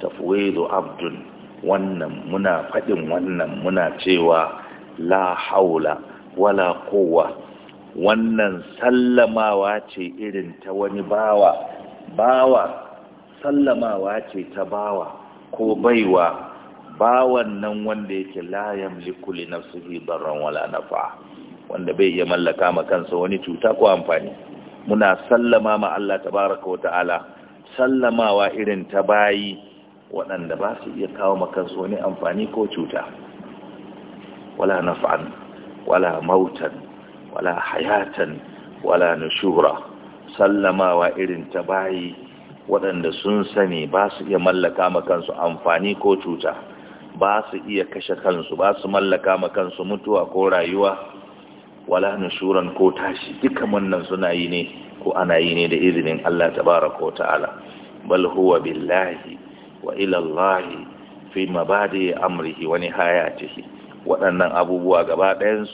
[SPEAKER 1] tafwidu abdun wannan muna faɗin wannan muna cewa la haula wala quwwa wannan sallamawa ce irin ta wani bawa bawa sallamawa ce ta bawa ko baiwa bawan nan wanda yake la yamliku li nafsihi darran wala nafa wanda bai iya mallaka ma kansa wani cuta ko amfani muna sallama ma Allah tabaraka wataala sallamawa irin ta bayi waɗanda ba su iya kawo ma kansu wani amfani ko cuta wala nafa'an wala mautan wala hayatan wala nushura sallamawa irin ta bayi waɗanda sun sani ba su iya mallaka ma kansu amfani ko cuta ba su iya kashe kansu ba su mallaka ma kansu mutuwa ko rayuwa wala nushuran ko tashi duka wannan suna yi ne ko ana yi ne da izinin Allah tabaraka wa ta'ala bal huwa billahi wa ila Allah fi mabadi amrihi wa nihayatihi waɗannan abubuwa gaba ɗayan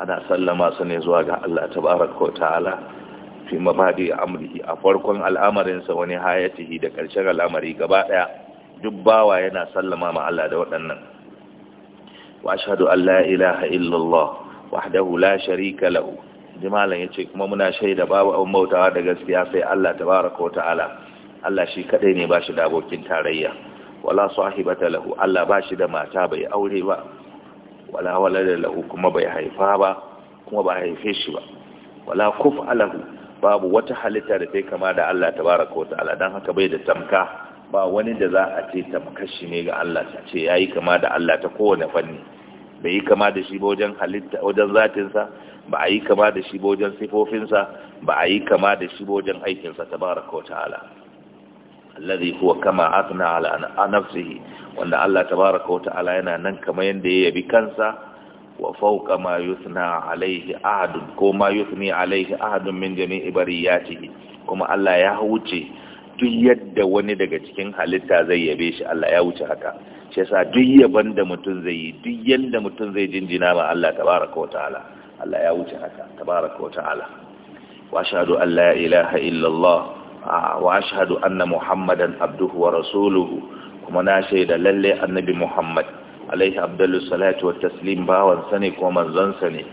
[SPEAKER 1] ana sallama su ne zuwa ga Allah tabaraka wa ta'ala fi a amurki a farkon al'amarinsa wani hayatihi da ƙarshen al'amari gaba ɗaya duk bawa yana sallama ma'ala Allah da waɗannan wa Allah ya ilaha illallah wahdahu la sharika lahu jimalan ce kuma muna shaida babu abin bautawa da gaskiya sai Allah tabaraka wa ta'ala Allah shi kaɗai ne ba shi da abokin tarayya wala sahibata lahu Allah ba shi da mata bai aure ba wala walada lahu kuma bai haifa ba kuma ba haife shi ba wala kuf'a lahu babu wata halitta da ta kama da Allah tabaraka wa ta'ala dan haka bai da tamka ba wani da za a ce tamkashi ne ga Allah ta ce yayi kama da Allah ta kowane fanni bai yi kama da shi ba wajen halitta wajen zatinsa ba a yi kama da shi ba wajen sifofinsa ba a yi kama da shi ba wajen aikinsa tabaraka wa ta'ala alladhi huwa kama athna ala nafsihi wanda Allah tabaraka wa ta'ala yana nan kamar yanda ya yabi kansa wa fauka ma yusna alaihi ahadun ko ma yusni alaihi ahadun min jami'i bariyatihi kuma Allah ya wuce duk yadda wani daga cikin halitta zai yabe shi Allah ya wuce haka shi yasa duk yaban da mutum zai yi duk yanda mutum zai jinjina ma Allah tabaraka wa ta'ala Allah ya wuce haka tabaraka wa ta'ala wa ashhadu an la ilaha illallah wa ashhadu anna muhammadan abduhu wa rasuluhu kuma na shaida lalle annabi muhammad alaihi abdullu salatu wa taslim bawan sani ko manzon ne.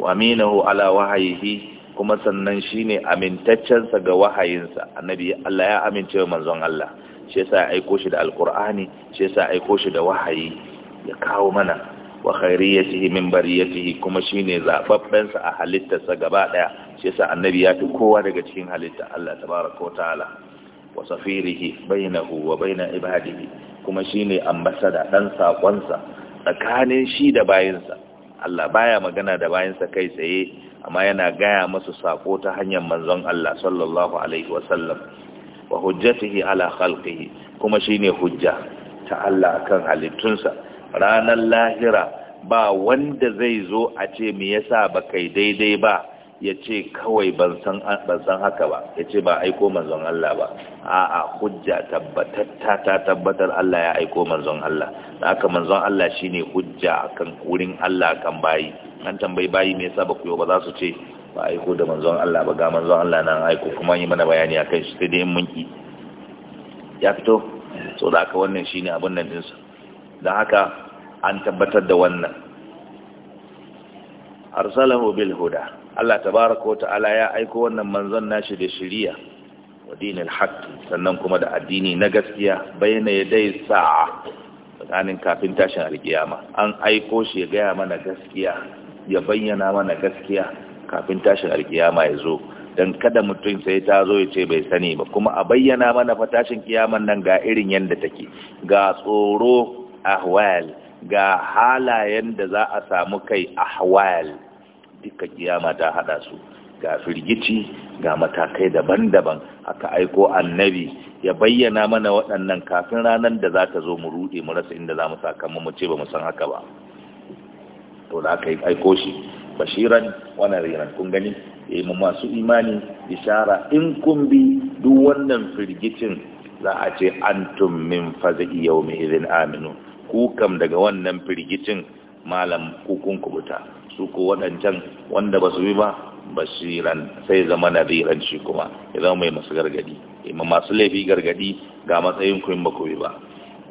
[SPEAKER 1] wa aminahu ala wahayihi kuma sannan shine amintaccen sa ga wahayinsa annabi Allah ya amince wa manzon Allah shi yasa ya aiko shi da alqur'ani shi yasa ya aiko shi da wahayi ya kawo mana wa khairiyatihi min bariyatihi kuma shine zababben sa a halittarsa gaba daya shi yasa annabi ya fi kowa daga cikin halitta Allah tabaraka wa ta'ala wa safirihi bainahu wa bain ibadihi kuma shi shine ambasada ɗan saƙonsa tsakanin shi da bayansa. Allah baya magana da bayansa kai tsaye amma yana gaya masu sako ta hanyar manzon Allah sallallahu alaihi wasallam wa hujjatihi ala khalqihi kuma shi ne hujja ta Allah kan halittunsa ranar lahira ba wanda zai zo a ce me yasa ba kai daidai ba ya ce kawai ban san haka ba ya ce ba aiko manzon Allah ba a'a hujja tabbatatta ta tabbatar Allah ya aiko manzon Allah da aka manzon Allah shi ne hujja kan wurin Allah kan bayi an tambayi bayi me yasa ba ku ba za su ce ba aiko da manzon Allah ba ga manzon Allah nan aiko kuma yi mana bayani akan shi sai dai mun ki ya fito so da aka wannan shi ne abin nan dinsu dan haka an tabbatar da wannan arsalahu bil huda Allah tabaraka wata'ala ya aiko wannan manzon nashi da shiriya wa dinil haqq sannan kuma da addini na gaskiya bayyana yadai sa'a tsakanin kafin tashin alkiyama an aiko shi ya gaya mana gaskiya ya bayyana mana gaskiya kafin tashin alkiyama ya zo don kada mutum sai ta zo ya ce bai sani ba kuma a bayyana mana fa tashin kiyaman nan ga irin yanda take ga tsoro ahwal ga halayen da za a samu kai ahwal duka kiyama ta hada su ga firgici ga matakai daban-daban aka aiko annabi ya bayyana mana waɗannan kafin ranar da za ta zo mu rude, mu rasa inda za mu sakamma mu ce ba mu san haka ba to da aka yi aiko shi bashiran wannan riran kun gani ya yi masu imani bishara in kun bi duk wannan firgicin za a ce antum min fazi'i yau mai aminu ku daga wannan firgicin malam kukun kubuta su ko waɗancan wanda ba su bi ba bashiran sai zama nadiran shi kuma ya zama mai masu gargadi imma masu laifi gargadi ga matsayin ku in ba ku bi ba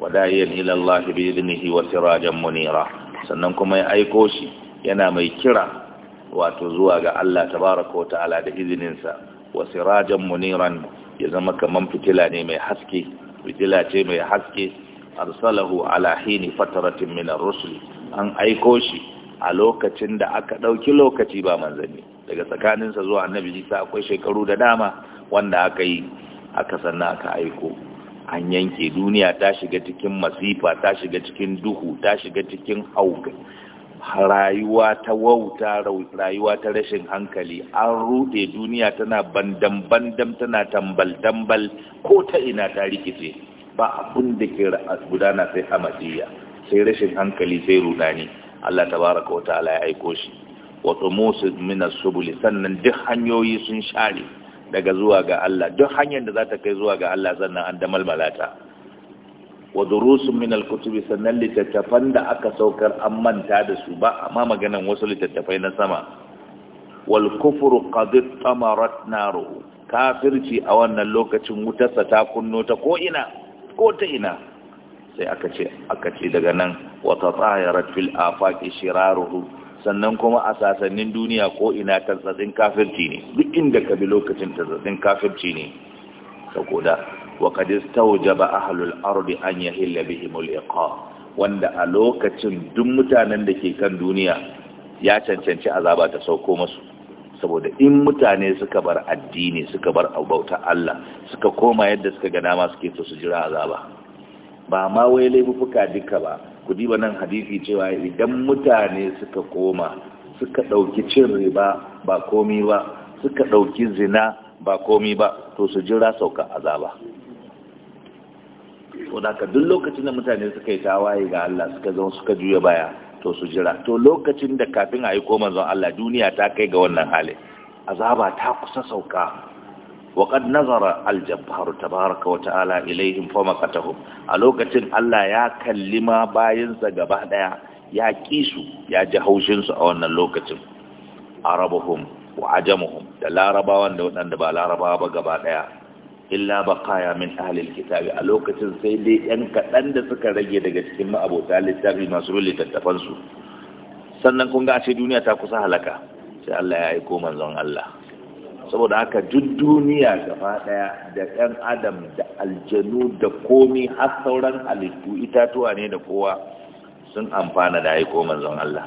[SPEAKER 1] wada'iyan ila Allah bi wa sirajan munira sannan kuma ya aiko shi yana mai kira wato zuwa ga Allah tabaraka ko ta'ala da izininsa. sa wa sirajan muniran ya zama kamar fitila ne mai haske fitila ce mai haske arsalahu ala hini fatratin min ar-rusul an aiko shi a lokacin da aka ɗauki lokaci ba manzanni daga tsakaninsa zuwa annabi isa akwai shekaru da dama wanda aka yi aka sannan aka aiko an yanke duniya ta shiga cikin masifa ta shiga cikin duhu ta shiga cikin hauka rayuwa ta wauta rayuwa ta rashin hankali an ruɗe duniya tana bandam-bandam tana tambal-tambal ko ta ina ta rikice ba abin da ke gudana sai hamadiyya sai rashin hankali sai rudani Allah tabaraka wa ta'ala ya aiko shi wato tumusu min subuli sannan duk hanyoyi sun share daga zuwa ga Allah duk hanyar da za ta kai zuwa ga Allah sannan an da malmalata wa durusun Minal kutubi sannan littattafan da aka saukar an manta da su ba amma maganan wasu littattafai na sama wal kufru qad tamarat naruhu kafirci a wannan lokacin wutarsa ta kunno ta ko ina ko ta ina sai aka ce aka ce daga nan wata tsayarar fil afaki shiraruhu sannan kuma a sasannin duniya ko ina tantsatsin kafirci ne duk inda ka bi lokacin tantsatsin kafirci ne saboda wa qad istawjaba ahlul ardi an yahilla bihim al-iqa wanda a lokacin duk mutanen da ke kan duniya ya cancanci azaba ta sauko masu saboda in mutane suka bar addini suka bar abauta Allah suka koma yadda suka ga dama suke to su jira azaba ba ma wai laifuka duka ba ku diba nan hadisi cewa idan mutane suka koma suka ɗauki cin riba ba komi ba suka ɗauki zina ba komi ba to su jira sauka azaba to da duk lokacin da mutane suka yi tawaye ga Allah suka zo suka juya baya to su jira to lokacin da kafin a yi koma zuwa Allah duniya ta kai ga wannan hali azaba ta kusa sauka وقد نظر الجبار تبارك وتعالى إليهم فمقتهم ألوكتن الله يا كلمة باينس غبا ديا يا كيسو يا جهوشن سو أولا لوكتن عربهم وعجمهم لا ربا waɗanda ba لا ربا غبا ديا illa baqaya min ahli alkitabi a lokacin sai dai yan kaɗan da suka rage daga cikin ma'abota littafi masu littattafan su sannan kun ga a ce duniya ta kusa halaka sai Allah ya aiko manzon Allah saboda haka duk duniya gaba daya da ɗan adam da aljanu da komi har sauran halittu itatuwa ne da kowa sun amfana da aiko manzon Allah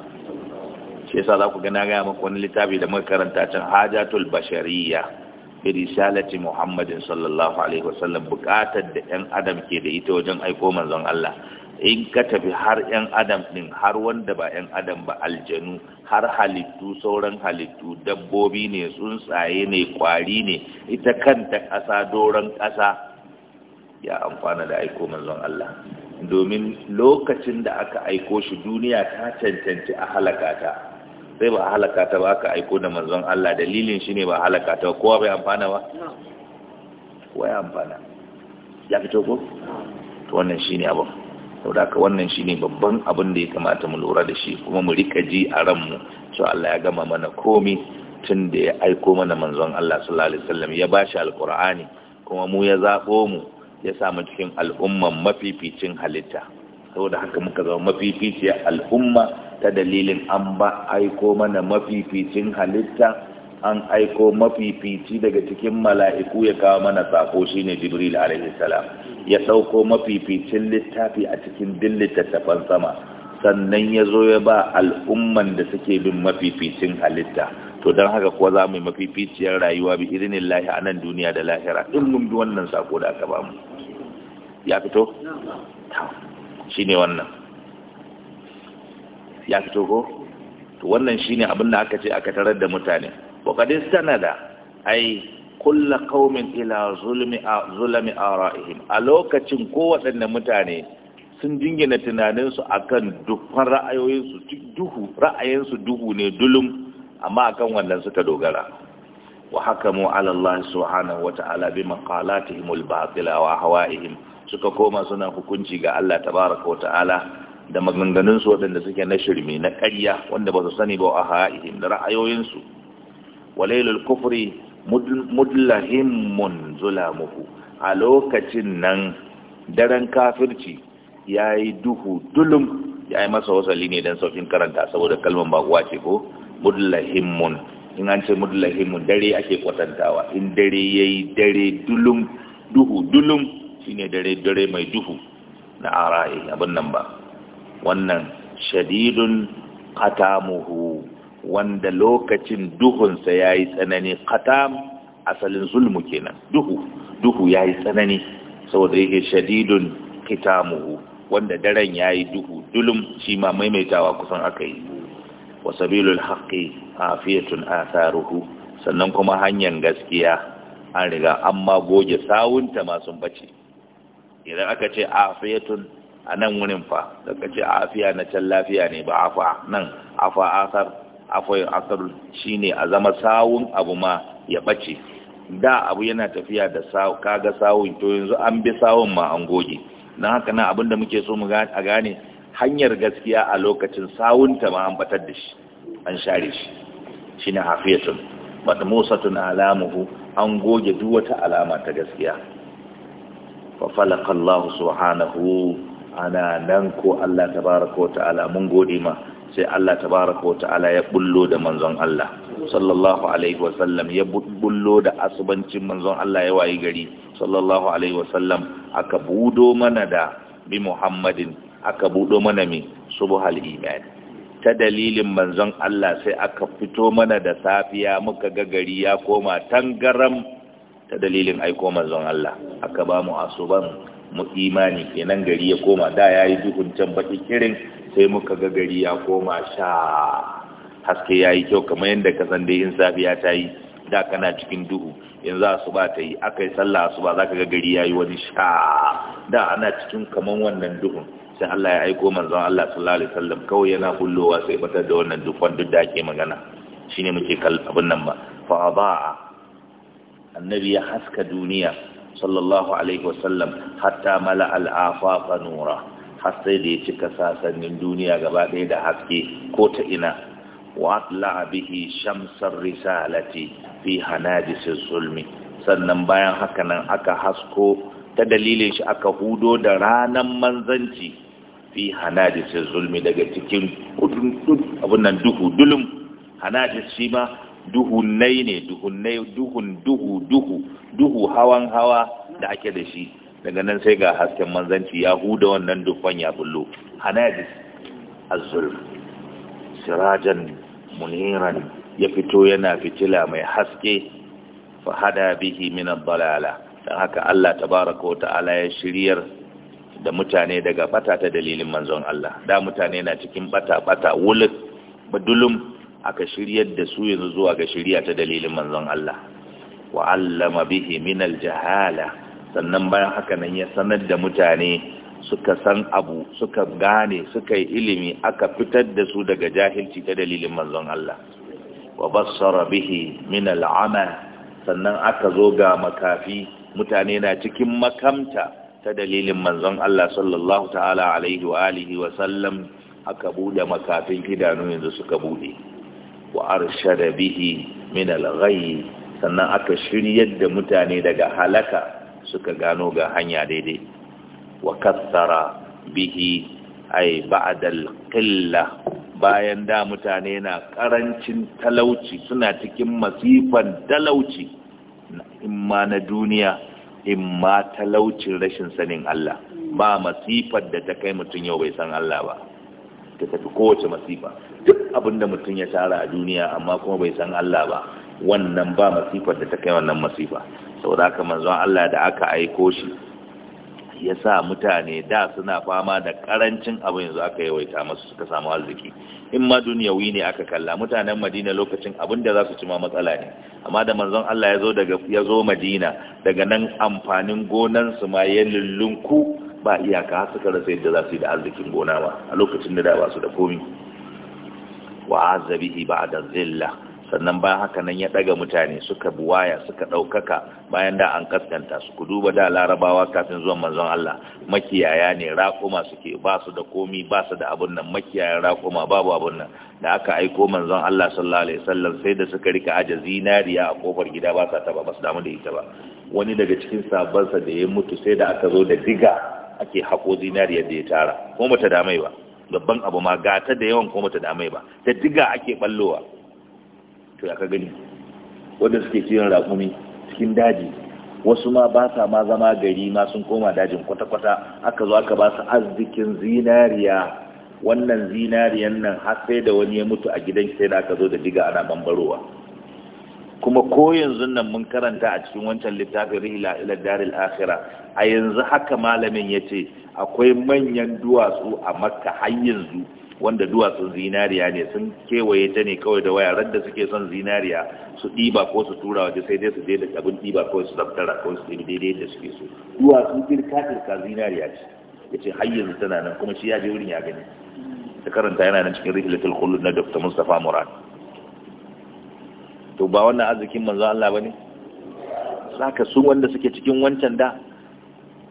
[SPEAKER 1] shi yasa za ku gana gaya maka wani littafi da muka karanta can hajatul bashariya bi risalati muhammadin sallallahu alaihi wasallam bukatar da ɗan adam ke da ita wajen aiko manzon Allah in ka tafi har 'yan adam ɗin har wanda ba 'yan adam ba aljanu har halittu sauran halittu dabbobi ne tsuntsaye ne kwari ne ita kanta ƙasa doron ƙasa ya amfana da aiko manzon Allah domin lokacin da aka aiko shi duniya ta cancanci a halakata, sai ba a ba aka aiko da manzon Allah dalilin shi ne ba a ba kowa bai amfana ba kowa amfana ya fito ko to wannan ne abin sau da wannan shi ne babban abin da ya kamata mu lura da shi kuma mu rika ji a ranmu so Allah ya gama mana komi tun da ya aiko mana manzon Allah sallallahu alaihi wasallam ya bashi alqur'ani kuma mu ya zabo mu ya samu cikin al'umman mafificin halitta saboda haka muka zama mafificiyar al'umma ta dalilin an ba aiko mana mafificin halitta an aiko mafifici daga cikin mala'iku ya kawo mana sako ne jibril alaihi salam ya sauko mafificin littafi a cikin din littattafan sama sannan ya zo ya ba al'umman da suke bin mafificin halitta to don haka kuwa za mu yi mafificiyar rayuwa bi izinin lahi a nan duniya da lahira in mun bi wannan sako da aka bamu ya fito shi ne wannan ya fito ko to wannan ne abin da aka ce aka tarar da mutane wa qad istanada ay kullu qaumin ila zulmi zulmi ara'ihim a lokacin kowaɗanne mutane sun jingina tunaninsu akan dukkan ra'ayoyinsu duhu ne dulum amma akan wannan suka dogara wa hakamu ala Allah subhanahu wa ta'ala bi maqalatihim al-batila wa hawaihim suka koma suna hukunci ga Allah tabaraka wa ta'ala da maganganunsu waɗanda suke na shirme na ƙarya wanda ba su sani ba a ha'ihim da ra'ayoyinsu walailul kufri mudlahimmun zulamuhu a lokacin nan daren kafirci ya yi duhu
[SPEAKER 2] dulum
[SPEAKER 1] ya yi masa wasali ne don saukin karanta saboda kalmar bakuwa ce ko mudlahimmun in an ce mudlahimmun dare ake kwatantawa in dare ya yi dare dulum duhu dulum shine dare dare mai duhu na ara'i abin nan ba wannan shadidun katamuhu wanda lokacin duhunsa ya yi tsanani katam asalin zulmu kenan duhu duhu ya yi tsanani saboda yake shadidun kitamuhu wanda daren ya yi duhu dulum shi ma maimaitawa kusan aka yi Wasu wa a haqqi afiyatun asaruhu, sannan kuma hanyar gaskiya an riga amma goge sawunta masu bace idan aka ce a fiyatun a nan wurin fa daga ce afiya na can lafiya ne ba afa nan afa asar akwai asar shine a zama sawun abu ma ya ɓace, da abu yana tafiya da kaga sawun to yanzu an bi sawun ma an goge na haka nan abinda muke so mu a gane hanyar gaskiya a lokacin sawunta ma an batar da shi an share shi shine hafiyatun matmusatun alamuhu an goge duk wata alama ta gaskiya fa falaqallahu subhanahu ana nan ko Allah tabaraka wa ta'ala mun gode ma sai Allah tabaraka wa ta'ala ya bullo da manzon Allah sallallahu alaihi wa sallam ya bullo da asubancin manzon Allah ya wayi gari sallallahu alaihi wa sallam aka budo mana da bi Muhammadin aka budo mana mi subhal iman ta dalilin manzon Allah sai aka fito mana da safiya muka ga gari ya koma tangaram ta dalilin aiko manzon Allah aka ba mu asuban mu imani kenan gari ya koma da yayi duhun can baki kirin sai muka ga ya koma sha haske ya yi kyau kamar yadda ka san dai safiya ta yi da kana cikin duhu yanzu asuba ta yi aka yi sallah asuba za ka ga ya yi wani sha da ana cikin kamar wannan duhun sai Allah ya aiko manzon Allah sallallahu alaihi wasallam kawai yana hullowa sai batar da wannan duhu wanda da ake magana shine muke kal abin nan ba fa ba annabi ya haska duniya sallallahu alaihi wasallam hatta mala al afafa nura har sai da ya cika sasannin duniya gaba ɗaya da haske ko ta ina wa atla bihi shamsar risalati fi hanajisin sulmi, sannan bayan haka nan aka hasko ta dalilin shi aka hudo da ranan manzanci fi hanajisin sulmi daga cikin abin nan duhu dulum hanajis shi ma nai ne duhun duhu duhu duhu hawan hawa da ake da shi daga nan sai ga hasken manzanci ya huda wannan dufan ya bullo hanadis azul sirajan muniran ya fito yana fitila mai haske hada bihi min balala. dalala dan haka Allah tabaaraka wa ta'ala ya shiryar da mutane daga bata ta dalilin manzon Allah da mutane na cikin bata bata wuluk badulum aka shiryar da su yanzu zuwa ga shiriya ta dalilin manzon Allah wa allama bihi minal jahala sannan bayan haka nan ya sanar da mutane suka san abu suka gane suka yi ilimi aka fitar da su daga jahilci ta dalilin manzon Allah wa bassara bihi min al'ama sannan aka zo ga makafi mutane na cikin makamta ta dalilin manzon Allah sallallahu ta'ala alaihi wa alihi wa sallam aka bude makafin idanu yanzu suka bude wa arshada bihi min al sannan aka shiryar da mutane daga halaka suka gano ga hanya daidai wa kassara bihi ay ba'dal qilla bayan da mutane na karancin talauci suna cikin masifan talauci imma na duniya imma talaucin rashin sanin Allah ba masifar da ta kai mutum yau bai san Allah ba ta tafi kowace masifa duk abinda mutum ya tara a duniya amma kuma bai san Allah ba wannan ba masifar da ta kai wannan masifa da aka manzon Allah da aka aiko shi ya sa mutane da suna fama da karancin abin yanzu aka yawaita masu suka samu arziki in ma duniyawi ne aka kalla mutanen madina lokacin abin da za su ci ma matsala ne amma da manzon Allah ya zo madina daga nan amfanin gonansu su ma ya lullunku ba iyaka suka rasa yadda za su yi da arzikin gona ba a lokacin da da ba su da komi wa azabihi ba'da zillah sannan ba haka nan ya daga mutane suka buwaya suka daukaka bayan da an kaskanta su ku duba da larabawa kafin zuwan manzon Allah makiyaya ne raƙuma suke ba su da komi ba su da abun nan makiyaya raƙuma babu abun nan da aka aiko manzon Allah sallallahu alaihi wasallam sai da suka rika aje zinariya a kofar gida ba sa taba ba su damu da ita ba wani daga cikin sa da ya mutu sai da aka zo da diga ake hako zinariyar da ya tara kuma bata damai ba babban abu ma gata da yawan kuma bata damai ba ta diga ake ballowa to ya ka gani wanda suke kiran raƙumi cikin daji wasu ma ba sa ma zama gari ma sun koma dajin kwata-kwata aka zo aka ba su arzikin zinariya wannan zinariyan nan har sai da wani ya mutu a gidan sai da aka zo da diga ana bambarowa kuma ko yanzu nan mun karanta a cikin wancan littafin rihila ila daril akhira a yanzu haka malamin yace akwai manyan duwatsu a makka har yanzu wanda duwatsun zinariya ne sun kewaye ta ne kawai da waya radda suke son zinariya su ɗiba ko su tura waje sai dai su je da abin ɗiba ko su zaftara ko su ɗibi daidai da suke so duwatsun birka birka zinariya ce ya ce hayyar da tana nan kuma shi ya je wurin ya gani ta karanta yana nan cikin rihilatul kullum na dr mustapha murad to ba wannan arzikin manzo Allah ba Za saka su wanda suke cikin wancan da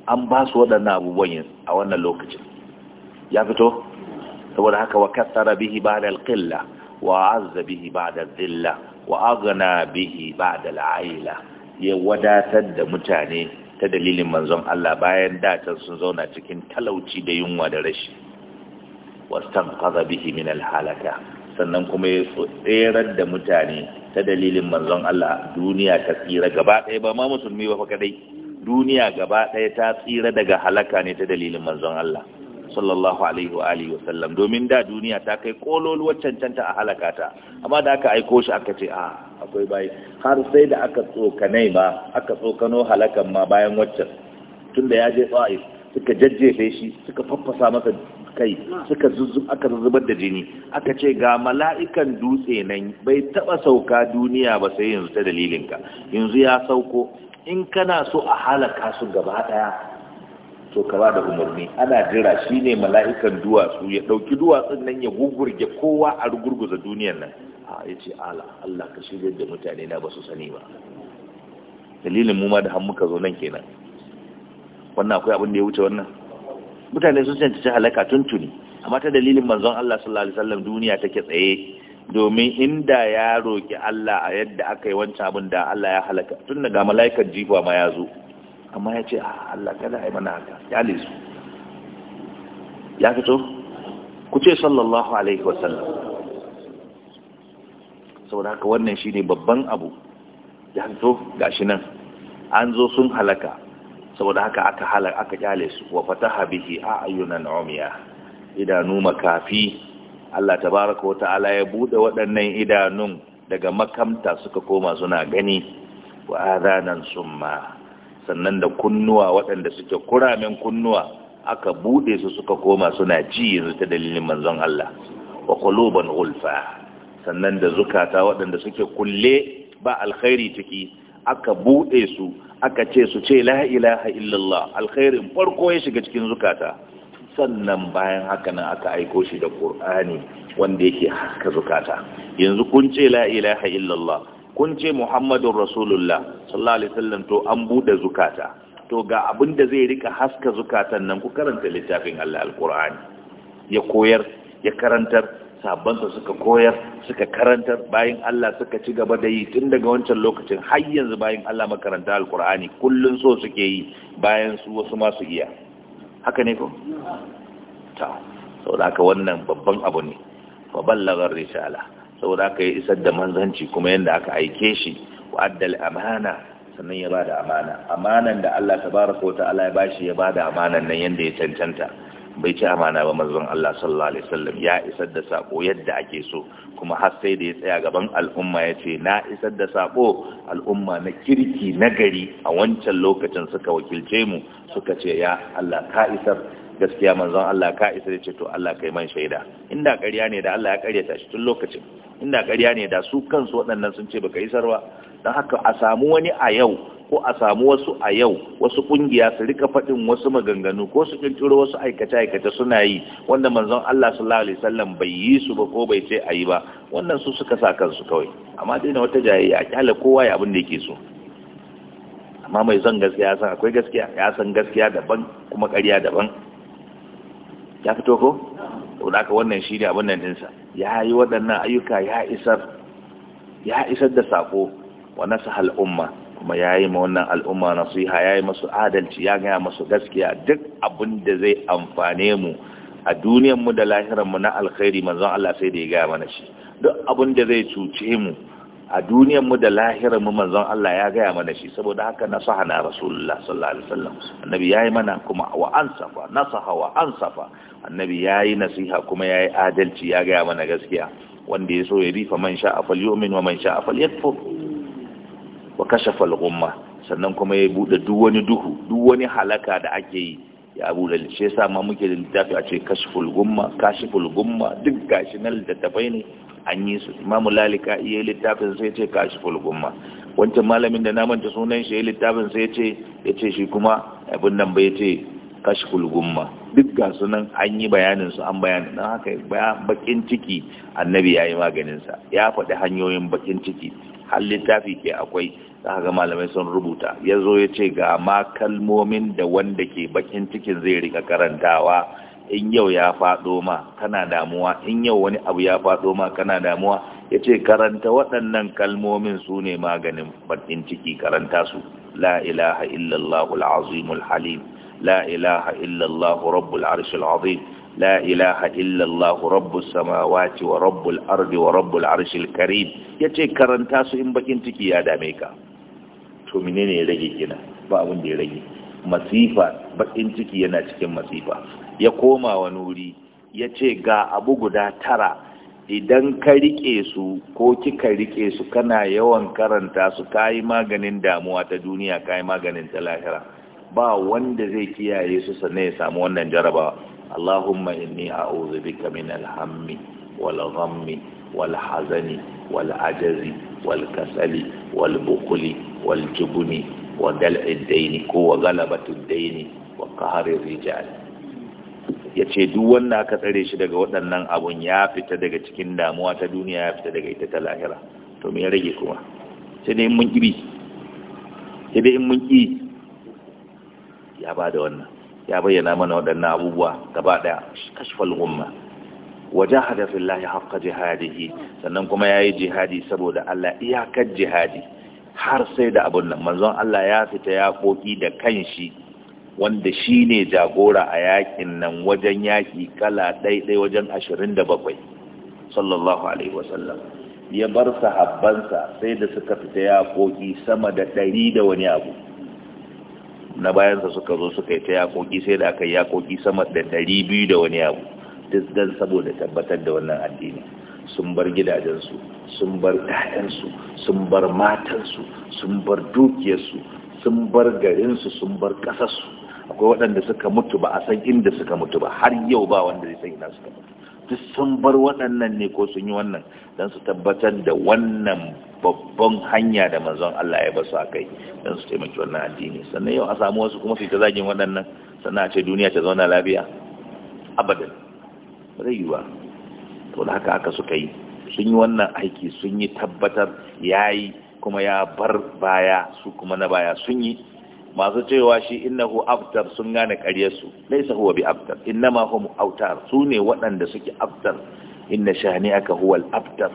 [SPEAKER 1] an ba su waɗannan abubuwan a wannan lokacin ya fito saboda haka wa kasara bihi ba'da al-qilla wa azza bihi ba'da zilla. wa aghna bihi ba'da al-aila ya wadatar da mutane ta dalilin manzon Allah bayan datan sun zauna cikin talauci da yunwa da rashi wastanqadha bihi min al-halaka sannan kuma ya tserar da mutane ta dalilin manzon Allah duniya ta tsira gaba ɗaya ba ma musulmi ba fa kadai duniya gaba ɗaya ta tsira daga halaka ne ta dalilin manzon Allah sallallahu alaihi wa alihi wasallam domin da duniya ta kai kololuwar cancanta a halaka ta amma da aka aiko shi aka ce a ah, akwai bayi har sai da aka tsokanai ba aka tsokano halakan ma bayan waccan tunda ya je tsa'if suka jajjefe shi suka faffasa masa kai suka zuzzu aka zubar da jini aka ce ga mala'ikan dutse nan bai taba sauka duniya ba sai yanzu ta dalilinka yanzu ya sauko in kana so a halaka su gaba daya to ka da umarni ana jira shi ne mala'ikan duwatsu ya ɗauki duwatsun nan ya gugurge kowa a rugurguza duniyar nan a ya ce ala Allah ka shirya da mutane na ba su sani ba dalilin mu ma da hannu ka zo nan kenan wannan akwai abin da ya wuce wannan mutane sun cancanci halaka tuntuni amma ta dalilin manzon Allah sallallahu alaihi wasallam duniya take tsaye domin inda ya roki Allah a yadda aka yi wancan abin da Allah ya halaka tun daga mala'ikan jifa ma ya zo amma ya ce a ah, Allah kada yi mana haka ya lesu ya fito ku ce sallallahu alaihi wasallam saboda haka wannan shi ne babban abu ya fito gashi nan an zo sun halaka saboda haka aka halaka aka kyale su wa fataha bihi ayyunan umiya idanu makafi Allah tabaraka wa ta'ala ya bude waɗannan idanun daga makamta suka koma suna gani wa adanan summa sannan da kunnuwa waɗanda suke kuramen kunnuwa aka buɗe su suka koma suna ji yanzu ta dalilin manzon Allah wa quluban ulfa sannan da zukata waɗanda suke kulle ba alkhairi ciki aka buɗe su aka ce su ce la ilaha illallah alkhairin farko ya shiga cikin zukata sannan bayan haka nan aka aiko shi da Kur'ani wanda yake haka zukata yanzu kun ce la ilaha illallah kun ce muhammadun rasulullah sallallahu alaihi wasallam to an bude zukata to ga abin da zai rika haska zukatan nan ku karanta littafin Allah alqur'ani ya koyar ya karantar sabansa suka koyar suka karantar bayan Allah suka ci gaba da yi tun daga wancan lokacin har yanzu bayan Allah makaranta alqur'ani kullun so suke yi bayan su wasu ma su iya haka ne ko ta saboda haka wannan babban abu ne fa ballagar risala saboda aka yi isar da manzanci kuma yadda aka aike shi wa addal amana sannan ya ba da amana amanan da Allah ta tabaraka wa ta'ala ya bashi ya ba da amanan nan yadda ya cancanta bai ci amana ba manzon Allah sallallahu alaihi wasallam ya isar da sako yadda ake so kuma har sai da ya tsaya gaban al'umma ya ce na isar da sako al'umma na kirki na gari a wancan lokacin suka wakilce mu suka ce ya Allah ka isar gaskiya manzon Allah ka isa da ce to Allah kai man shaida inda ƙarya ne da Allah ya ƙaryata shi tun lokacin inda ƙarya ne da su kansu waɗannan sun ce baka yi sarwa. don haka a samu wani a yau ko a samu wasu a yau wasu ƙungiya su rika faɗin wasu maganganu ko su kirkiro wasu aikace-aikace suna yi wanda manzon Allah sallallahu alaihi wasallam bai yi su ba ko bai ce a yi ba wannan su suka sa kansu kawai amma dai na wata jayayya a kyale kowa ya abin da yake so amma mai zan gaskiya san akwai gaskiya ya san gaskiya daban kuma ƙarya daban ya fito ko da haka wannan shi ne abin nan ɗinsa ya yi waɗannan ayyuka ya isar da sako wa nasa al'umma kuma ya yi ma wannan al'umma nasiha ya yi masu adalci ya gaya masu gaskiya duk abin da zai amfane mu a duniyanmu da lahirarmu na alkhairi manzon Allah sai da ya gaya mana shi duk abin da zai cuce mu a duniyar mu da lahirar mu manzon Allah ya gaya mana shi saboda haka nasaha na rasulullah sallallahu alaihi wasallam annabi yayi mana kuma wa ansafa nasaha wa ansafa annabi yayi nasiha kuma yayi adalci ya gaya mana gaskiya wanda ya so ya rifa man sha fal yu'min wa man sha fal. yakfur wa kashafa al-ghumma sannan kuma ya bude duk wani duhu duk wani halaka da ake yi ya bude shi yasa ma muke da littafi a ce kashful gumma kashful gumma duk gashi nan da tabaini ne an yi su imamu lalika iya littafin sai ce kashi fulgumma wancan malamin da namanta sunan shi ya littafin sai ce ya ce shi kuma abin nan bai ce kashi fulgumma duk ga sunan an yi bayanin su an bayanin don haka bakin ciki annabi ya yi maganinsa ya faɗi hanyoyin bakin ciki har littafi ke akwai za ka ga malamai sun rubuta ya zo ya ce ga ma kalmomin da wanda ke bakin cikin zai rika karantawa in yau ya faɗo ma kana damuwa in yau wani abu ya faɗo ma kana damuwa ya ce karanta waɗannan kalmomin su ne maganin baɗin ciki karanta su la ilaha illallah al'azimul halim la ilaha illallah rabbul arshil azim la ilaha illallah rabbus samawati wa rabbul ardi wa rabbul arshil karim ya karanta su in bakin ciki ya dame ka to menene ya rage kina ba abin da ya rage masifa bakin ciki yana cikin masifa ya koma wa nuri ya ce ga abu guda tara idan ka rike su ko kika rike su kana yawan karanta su kayi maganin damuwa ta duniya kayi maganin ta lahira ba wanda zai kiyaye su sannan ya samu wannan jarabawa Allahumma inni a'udhu bika min alhammi wal ghammi wal hazani wal ajazi wal kasali wal bukhli wal wa dal'i daini ko wa ghalabatu daini wa qahri rijal ya ce duk wanda aka tsare shi daga waɗannan abun ya fita daga cikin damuwa ta duniya ya fita daga ita ta lahira to me ya rage kuma sai dai in mun ƙi sai dai in mun ƙi ya ba da wannan ya bayyana mana waɗannan abubuwa gaba ɗaya kashfal umma wajahada fillahi haqqa jihadihi sannan kuma yayi jihadi saboda Allah iyakar jihadi har sai da abun nan manzon Allah ya fita ya koki da kanshi wanda shi ne jagora a yakin nan wajen yaki kala ɗaiɗai wajen ashirin da bakwai sallallahu alaihi wasallam ya bar sahabbansa sai da suka fita yaƙoƙi sama da ɗari da wani abu na bayansa suka zo suka yi ta yaƙoƙi sai da aka yi yaƙoƙi sama da ɗari biyu da wani abu duk don saboda tabbatar da wannan addini sun bar gidajensu sun bar ɗayansu sun bar matansu sun bar dukiyarsu sun bar garinsu sun bar ƙasarsu akwai waɗanda suka mutu ba a san inda suka mutu ba har yau ba wanda zai san ina suka mutu duk sun bar waɗannan ne ko sun yi wannan don su tabbatar da wannan babban hanya da manzon Allah ya basu a kai don su taimaki wannan addini sannan yau a samu wasu kuma su ta zagin waɗannan sannan a ce duniya ta zauna lafiya abadan ba zai wa to da haka aka suka yi sun yi wannan aiki sun yi tabbatar ya yi kuma ya bar baya su kuma na baya sun yi masu cewa shi innahu abtar sun gane ƙaryarsu laisa huwa bi abtar innama hum autar su ne waɗanda suke abtar inna aka huwa al-abtar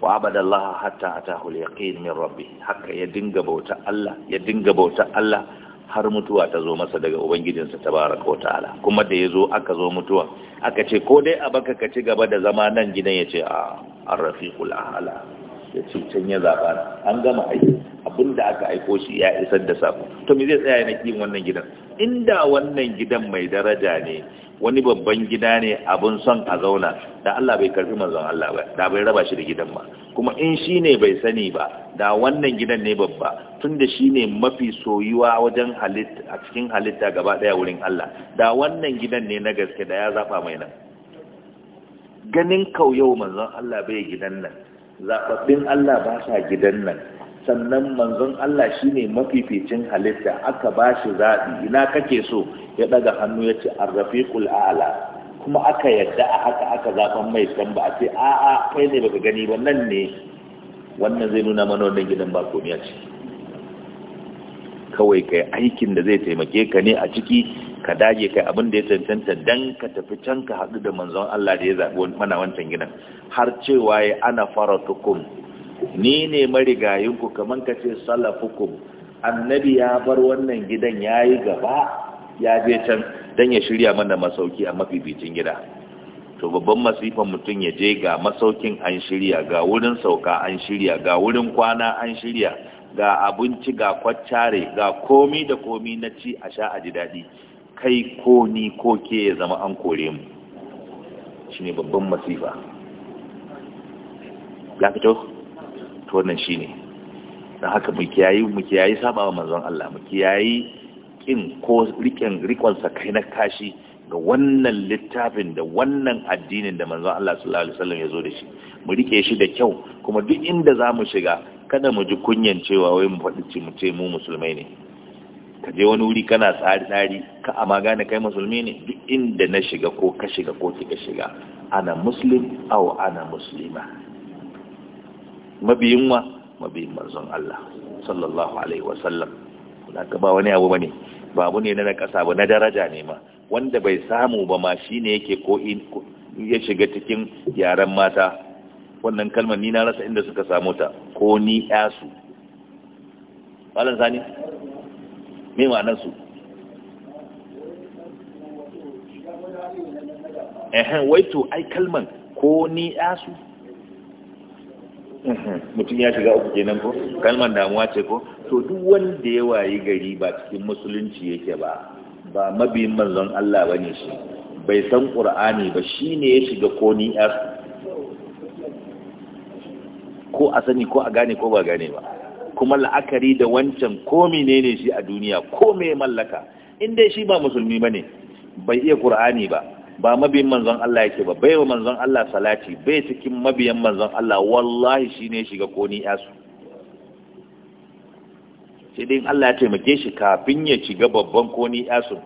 [SPEAKER 1] wa abada Allah hatta atahu al-yaqin min rabbi haka ya dinga bauta Allah ya dinga bauta Allah har mutuwa ta zo masa daga ubangijinsa tabaraka wa ta'ala kuma da yazo aka zo mutuwa aka ce ko dai a baka ka ci gaba da zama nan gidan ce a ah, ar-rafiqul a'la da ce ya zaba an gama aiki abinda aka aiko shi ya isar da sako to me zai tsaya na kin wannan gidan inda wannan gidan mai daraja ne wani babban gida ne abin son a zauna da Allah bai karfi manzon Allah ba da bai raba shi da gidan ba kuma in shi ne bai sani ba da wannan gidan ne babba tun da shi ne mafi soyuwa wajen halitta a cikin halitta gaba daya wurin Allah da wannan gidan ne na gaske da ya zaba mai nan ganin kauyau manzon Allah bai gidan nan zaɓaɓɓin Allah ba sa gidan nan sannan manzon Allah shi ne mafificin halitta aka ba shi zaɓi ina kake so ya ɗaga hannu ya ce arrafiqul a'la kuma aka yadda a haka aka zaɓan mai can ba a ce a'a kai ne baka gani ba nan ne wannan zai nuna mana wannan gidan ba komiya ce kawai kai aikin da zai taimake ka ne a ciki ka dage kai abin da ya cancanta dan ka tafi can ka haɗu da manzon Allah da ya zaɓi mana wancan gidan har cewa ya ana fara faratukum ni ne marigayinku kamar ka ce salafukum annabi ya bar wannan gidan ya yi gaba ya je can dan ya shirya mana masauki a mafificin gida to babban masifan mutum ya je ga masaukin an shirya ga wurin sauka an shirya ga wurin kwana an shirya ga abinci ga kwaccare ga komi da komi na ci a sha a ji daɗi kai ko ni ko ke ya zama an kore mu shi ne babban masifa ya fito tonan shi ne don haka mukiyayi mukiyayi saba wa manzon Allah mukiyayi kin ko rikon sa kai na kashi ga wannan littafin da wannan addinin da manzon Allah sallallahu alaihi wasallam ya zo da shi mu rike shi da kyau kuma duk inda za mu shiga kada mu ji kunyan cewa wai mu faɗi ce mu ce mu musulmai ne ka je wani wuri kana tsari tsari ka amma gane kai musulmi ne duk inda na shiga ko ka shiga ko kika shiga ana muslim au ana muslima mabiyin wa mabiyin manzon Allah sallallahu alaihi wa sallam ka ba wani abu bane ba abu ne na kasa ba na daraja ne ma wanda bai samu ba ma shine yake ko in ya shiga cikin yaren mata wannan kalmar ni na rasa inda suka samu ta ko ni yasu malam sani mewa na su ehen wai to ai kalman ko ni yasu mutum ya shiga uku kenan ko kalman damuwa ce ko to duk wanda ya wayi gari ba cikin musulunci yake ba ba mabiyin manzon Allah bane shi bai san qur'ani ba shine ya shiga ko ni yasu ko a sani ko a gane ko ba gane ba kuma la'akari da wancan ko ne shi a duniya ko mallaka in dai shi ba musulmi ba ne. bai iya ƙur'ani ba ba mabiyin manzon Allah yake ba bai wa manzon Allah salati bai cikin mabiyan manzon Allah wallahi ne shiga koni yasu sai dai Allah ya taimake shi kafin ya shiga babban koni yasu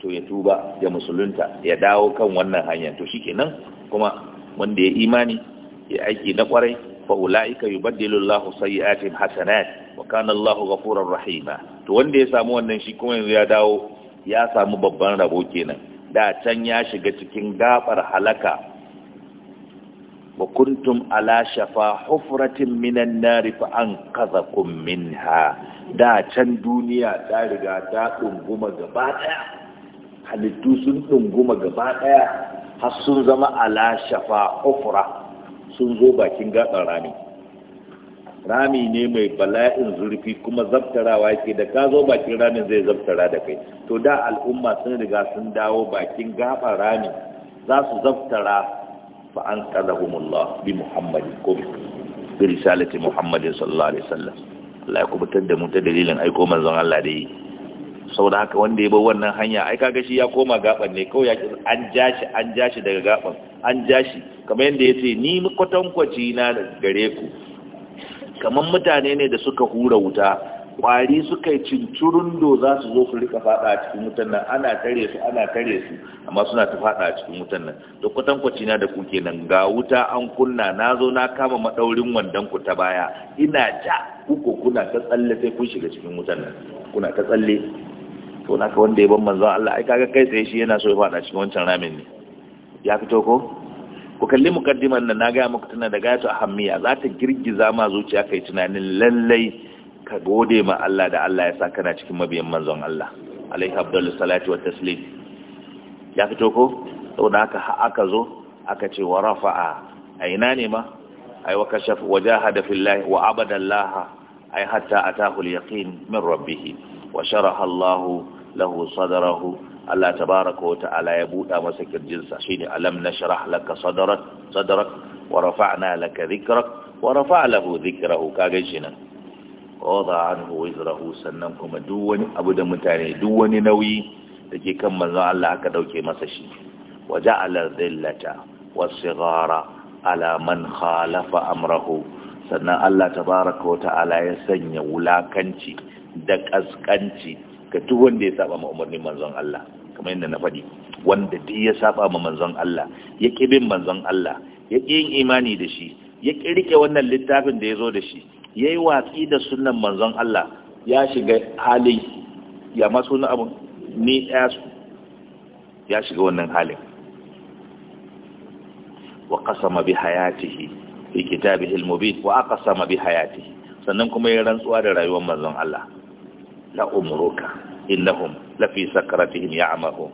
[SPEAKER 1] to ya tuba ya musulunta ya dawo kan wannan hanya to shikenan kuma wanda ya imani ya aiki na kwarai فأولئك يبدل الله سيئاتهم حسنات وكان الله غفورا رحيما to wanda ya samu wannan shi kuma yanzu ya dawo ya samu babban rabo kenan da can ya shiga cikin gabar halaka wa kuntum ala shafa hufratin minan nari fa anqadhakum minha da can duniya ta riga ta dunguma gaba daya halittu sun dunguma gaba daya har sun zama ala shafa hufra sun zo bakin gatsar rami rami ne mai bala'in zurfi kuma zaftarawa yake da ka zo bakin ramin zai zabtara da kai to da al'umma sun riga sun dawo bakin gafa rami za su zabtara fa an kazahumullah bi muhammadin ko bi risalati muhammadin sallallahu alaihi wasallam Allah ya kubutar da mu ta dalilin aiko manzon Allah da yi sau da haka wanda ya bar wannan hanya ai kaga shi ya koma gaban ne kawai ya an jashi an jashi daga gaban an jashi kamar yanda yace ni kwatankwaci na gare ku kamar mutane ne da suka hura wuta kwari suka yi do za su zo su rika fada a cikin mutan nan ana tare su ana tare su amma suna ta fada a cikin mutan nan da kwatankwaci na da ku kenan ga wuta an kunna na zo na kama madaurin wandan ku ta baya ina ja kuko kuna ta tsalle sai kun shiga cikin mutan nan kuna ta tsalle to ka wanda ya ban manzon Allah ai kaga kai tsaye shi yana so ya fada cikin wancan ramin ne ya fito ko ku kalli mukaddiman nan na gaya muku tana da gayatu ahammiya za ta girgiza ma zuciya kai tunanin lallai ka gode ma Allah da Allah ya sa kana cikin mabiyan manzon Allah alaihi abdul salatu wa taslim ya fito ko saboda haka aka zo aka ce wa rafa'a aina ne ma ai wa kashaf wajaha da fillahi wa abada Allah ai hatta atahu al-yaqin min rabbih wa sharaha lahu sadarahu Allah tabaraka wa ta'ala ya buɗa masa kirjinsa shine alam nashrah laka sadrak sadrak wa rafa'na laka dhikrak wa rafa'a lahu dhikrahu kaga shi nan wada anhu wizrahu sannan kuma duk wani abu da mutane duk wani nauyi dake kan manzon Allah aka dauke masa shi waja'ala dhillata was-sighara ala man khalafa amrahu sannan Allah tabaraka wa ta'ala ya sanya wulakanci da kaskanci ga duk wanda ya saba ma umarnin manzon Allah kamar yadda na faɗi wanda duk ya saba ma manzon Allah ya ƙi bin manzon Allah ya ƙi yin imani da shi ya ƙi wannan littafin da ya zo da shi ya yi watsi da sunan manzon Allah ya shiga halin ya masu na abu ni ɗaya su ya shiga wannan halin wa kasama bi hayatihi fi kitabihi al-mubin wa aqsama bi hayatihi sannan kuma ya rantsuwa da rayuwar manzon Allah la umruka innahum la fi sakaratihim ya'mahu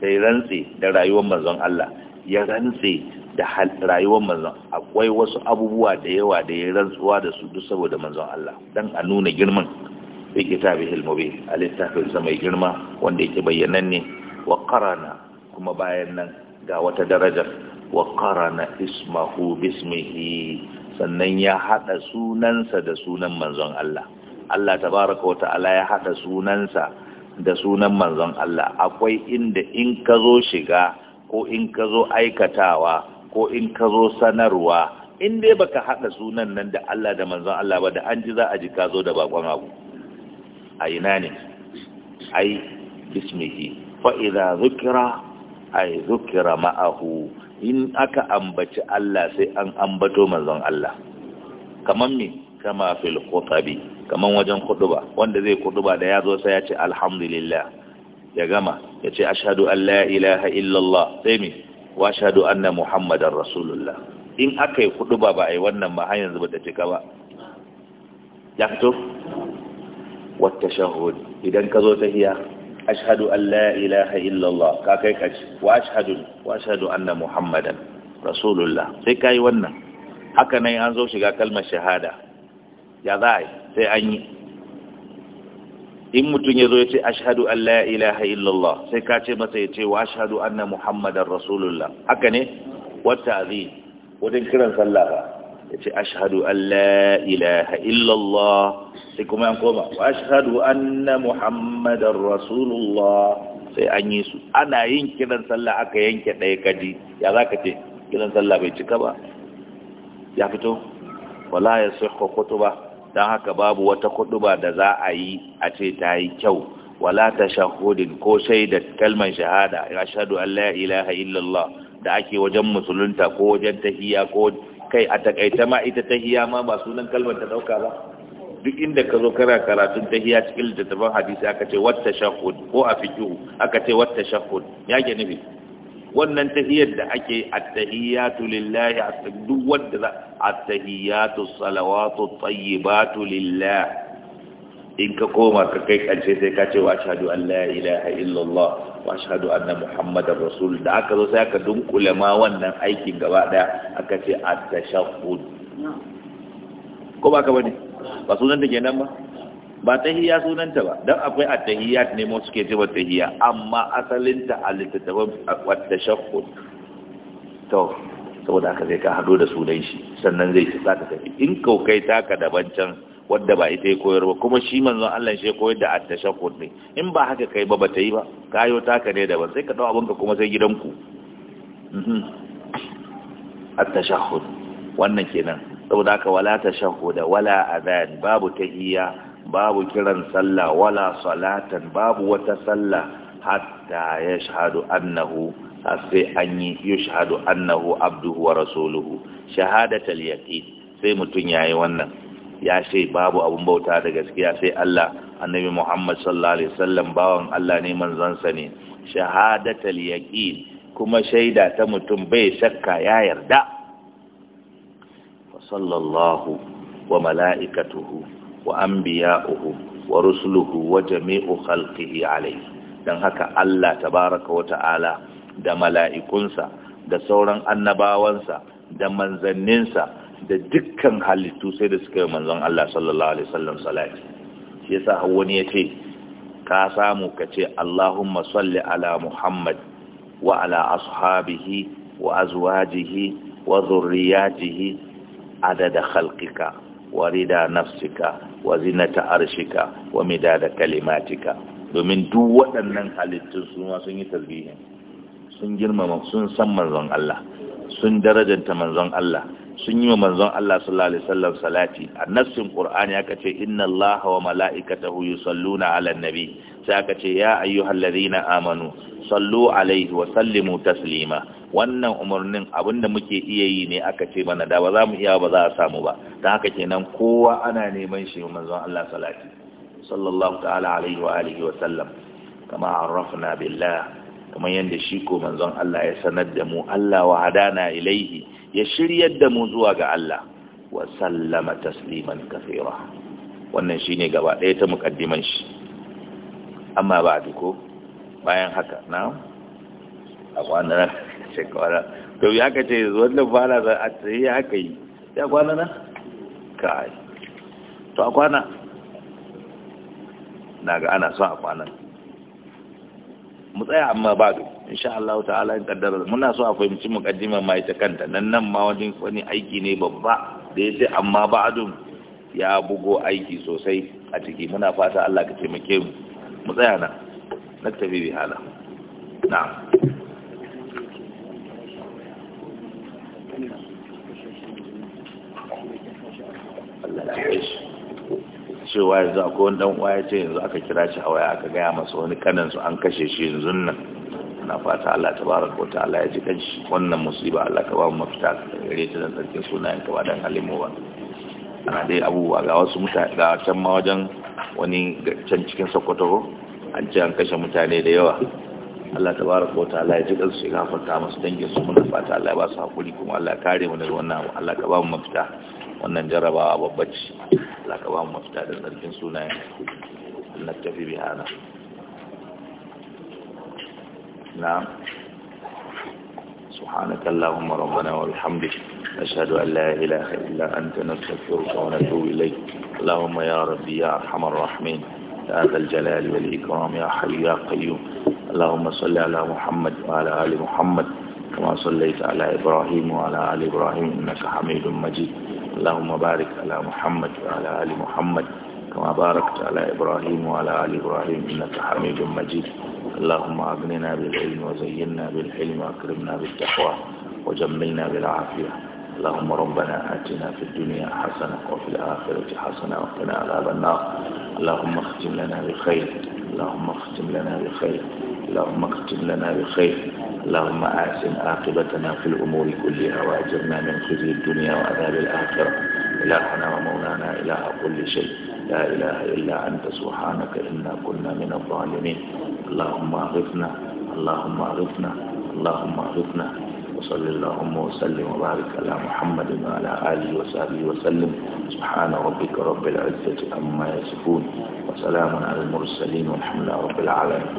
[SPEAKER 1] sai rantsi da rayuwar manzon Allah ya rantsi da rayuwar manzon akwai wasu abubuwa da yawa da ya rantsuwa da su duk saboda manzon Allah dan a nuna girman fi kitabihil mubin a littafin mai girma wanda yake ne wa qarana kuma bayan nan ga wata daraja wa qarana ismahu bismihi sannan ya hada sunansa da sunan manzon Allah Allah tabaraka wa ta'ala ya hada sunansa da sunan manzon Allah akwai inda in ka zo shiga ko in ka zo aikatawa ko in ka zo sanarwa in dai baka hada sunan nan da Allah da manzon Allah ba da an ji za a ji ka zo da bakon abu a ina ne ai bismihi fa idza ai zukira ma'ahu in aka ambaci Allah sai an ambato manzon Allah Kamar me kama fil khutabi kaman wajen kuduba wanda zai kuduba da yazo sai ya ce alhamdulillah ya gama ya ce ashhadu an la ilaha illallah sai mi wa ashhadu anna muhammadar rasulullah in aka yi kuduba ba a yi wannan ba har yanzu ba ta cika ba ya fito wata shahud idan ka zo tahiya ashhadu an la ilaha illallah ka kai kace wa ashhadu wa ashhadu anna muhammadan rasulullah sai ka yi wannan haka nan an zo shiga kalmar shahada ya za a sai an yi in mutum ya zo ya ce ashadu an la ilaha illallah sai ka ce masa ya ce wa ashadu anna muhammadan rasulullah haka ne wata azim wajen kiran sallah ba ya ce ashadu an la ilaha illallah sai kuma yan koma wa ashadu anna muhammadan rasulullah sai an yi su ana yin kiran sallah aka yanke ɗaya gadi. ya za ka ce kiran sallah bai cika ba ya fito wala ya sai kwakwatu ba don haka babu wata kuduba da za a yi a ce ta yi kyau wala ta shahudin ko shaidar kalmar shahada ya shaɗu Allah ilaha illallah da ake wajen musulunta ko wajen tahiya ko kai a takaita ma ita tahiya ma ba sunan kalmar ta ɗauka ba duk inda ka zo kana karatun tahiya cikin littattafan hadisi aka ce wata shahud ko a fikihu aka ce wata shahud ya ke nufi wannan tahiyyar da ake attahiyatu lillahi duk wanda za attahiyatu salawatu tayyibatu lillah in ka koma ka kai karshe sai ka ce wa ashhadu an la ilaha Allah, wa ashhadu anna muhammadar rasul da aka zo sai aka dunkule ma wannan aikin gaba daya aka ce at-tashahhud ko ba ka bane ba sunan da nan ba ba tahiyya sunanta ba don akwai at-tahiyyat ne mu suke cewa tahiyya amma asalin ta al-tatawa wa to saboda aka zai ka hado da sunan shi sannan zai ci zaka tafi in kaukai taka daban can wadda ba ita ya koyar ba kuma shi manzon Allah shi koyar da at-tashaqqud ne in ba haka kai ba ba ta yi ba kayo taka ne daban sai ka dau abinka kuma sai gidanku mhm. at-tashahhud wannan kenan saboda haka wala da wala adhan babu tahiyya babu kiran sallah wala salatan babu wata sallah hatta shahadu annahu sai an yi shahadu annahu abduhu wa rasuluhu shahadatul yaqin sai ya yayi wannan ya ce babu abun bauta da gaskiya sai Allah annabi Muhammad sallallahu alaihi wasallam bawan Allah ne manzansa ne shahadatal yaqin kuma shaida ta mutum bai shakka ya yarda sallallahu wa mala'ikatuhu وأنبياؤه ورسله وجميع خلقه عليه dan haka Allah tabaraka wa ta'ala da mala'ikunsa da sauran annabawansa da manzanninsa da dukkan halittu sai da suka yi manzon Allah sallallahu alaihi wasallam salati shi yasa wani yace ka samu kace Allahumma salli ala Muhammad wa ala ashabihi wa azwajihi wa dhurriyyatihi adada khalqika wa rida nafsika wa zinata arshika wa midada kalimatika domin duk waɗannan halittun su ma sun yi tasbihin sun girmama sun san manzon Allah sun darajanta manzon Allah sun yi wa manzon Allah sallallahu alaihi wasallam salati a nassin Qur'ani aka ce inna Allah wa mala'ikatahu yusalluna 'alan nabi sai aka ce ya ayyuhalladhina amanu sallu alaihi wa sallimu taslima wannan umarnin abinda muke iya yi ne aka ce mana da ba za mu iya ba za a samu ba dan haka kenan kowa ana neman shi manzon Allah salati sallallahu ta'ala alaihi wa alihi wa sallam kama arrafna billah kamar yanda shi ko manzon Allah ya sanar da mu Allah wa hadana ilaihi ya shiryar da mu zuwa ga Allah wa sallama tasliman kafira wannan shine gaba ɗaya ta mukaddiman shi amma ba a duko bayan haka na a ce shekara to ya kace wannan fara za a tsaye haka yi ya kwana na kai to a kwana na ga ana son a kwanana mu tsaya amma ba da insha Allah ta'ala in kaddara muna so a fahimci mukaddimar mai ta kanta nan nan ma wani wani aiki ne babba da yace amma ba adun ya bugo aiki sosai a ciki muna fata Allah ka taimake mu mu tsaya nan naktabi bi hala na'am cewa yanzu akwai wani dan uwa ya ce yanzu aka kira shi a waya aka gaya masa wani kanin su an kashe shi yanzu nan na fata Allah tabaraka wa ta'ala ya ji kanshi wannan musiba Allah ka ba mu mafita ka gare ta dan sarkin sunayen ka ba dan halimu ba ana dai abubuwa ga wasu mutane ga can ma wajen wani can cikin Sokoto an ce an kashe mutane da yawa Allah tabaraka wa ta'ala ya ji kansu ya gafarta masu dangin su mun fata Allah ya ba su hakuri kuma Allah ya kare mu daga wannan Allah ka ba mu mafita wannan jarabawa babba ce za ka ba mu mafita da tsarkin sunayen na tafi bihana na سبحانك اللهم ربنا وبحمدك نشهد أن لا إله إلا أنت نستغفرك ونتوب إليك اللهم يا ربي يا أرحم الراحمين يا ذا الجلال والإكرام يا حي يا قيوم اللهم صل على محمد وعلى آل محمد كما صليت على إبراهيم وعلى آل إبراهيم إنك حميد مجيد اللهم بارك على محمد وعلى آل محمد كما باركت على إبراهيم وعلى آل إبراهيم إنك حميد مجيد اللهم أغننا بالعلم وزينا بالحلم وأكرمنا بالتقوى وجملنا بالعافية اللهم ربنا آتنا في الدنيا حسنة وفي الآخرة حسنة وقنا عذاب النار اللهم اختم لنا بخير اللهم اختم لنا بخير اللهم اختم لنا بخير اللهم آسن عاقبتنا في الأمور كلها وأجرنا من خزي الدنيا وعذاب الآخرة إلهنا ومولانا إله كل شيء لا إله إلا أنت سبحانك إنا كنا من الظالمين اللهم أغثنا اللهم أغثنا اللهم أغثنا وصل اللهم وسلم وبارك على محمد وعلى آله وصحبه وسلم سبحان ربك رب العزة عما يصفون
[SPEAKER 2] وسلام على المرسلين والحمد لله رب العالمين